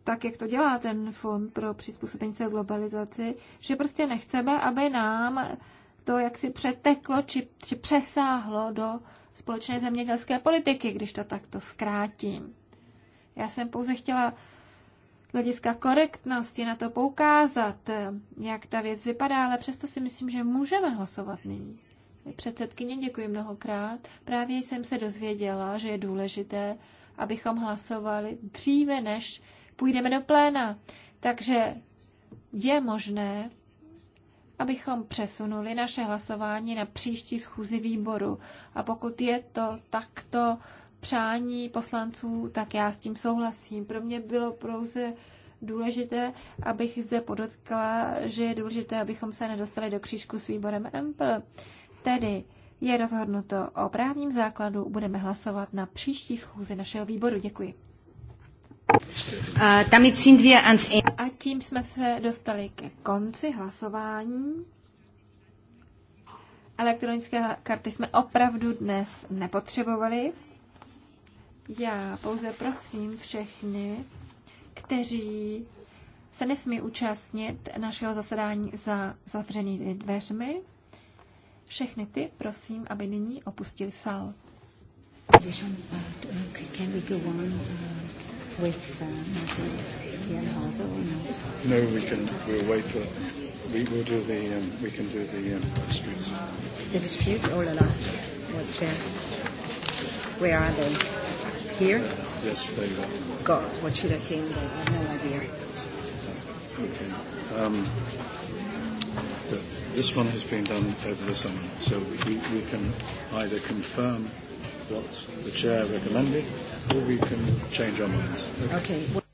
tak, jak to dělá ten fond pro přizpůsobení se globalizaci, že prostě nechceme, aby nám to jaksi přeteklo či, či přesáhlo do společné zemědělské politiky, když to takto zkrátím. Já jsem pouze chtěla hlediska korektnosti na to poukázat, jak ta věc vypadá, ale přesto si myslím, že můžeme hlasovat nyní. Předsedkyně, děkuji mnohokrát. Právě jsem se dozvěděla, že je důležité, abychom hlasovali dříve, než půjdeme do pléna. Takže je možné, abychom přesunuli naše hlasování na příští schůzi výboru. A pokud je to takto přání poslanců, tak já s tím souhlasím. Pro mě bylo pouze důležité, abych zde podotkla, že je důležité, abychom se nedostali do křížku s výborem EMPL. Tedy je rozhodnuto o právním základu, budeme hlasovat na příští schůzi našeho výboru. Děkuji. A tím jsme se dostali ke konci hlasování. Elektronické karty jsme opravdu dnes nepotřebovali. Já pouze prosím všechny, kteří se nesmí účastnit našeho zasedání za zavřenými dveřmi. Všechny ty prosím, aby nyní opustili sál. Can we go on? Uh, with uh, Martin or not? No, we can. We'll wait for. We will do the. Um, we can do the um, disputes. The disputes? Oh la la. What's there? Where are they? Here? Yes, they are. God, what should I say in I have no idea. Okay. Um, this one has been done over the summer, so we, we can either confirm what the chair recommended we can change our minds. Okay. okay.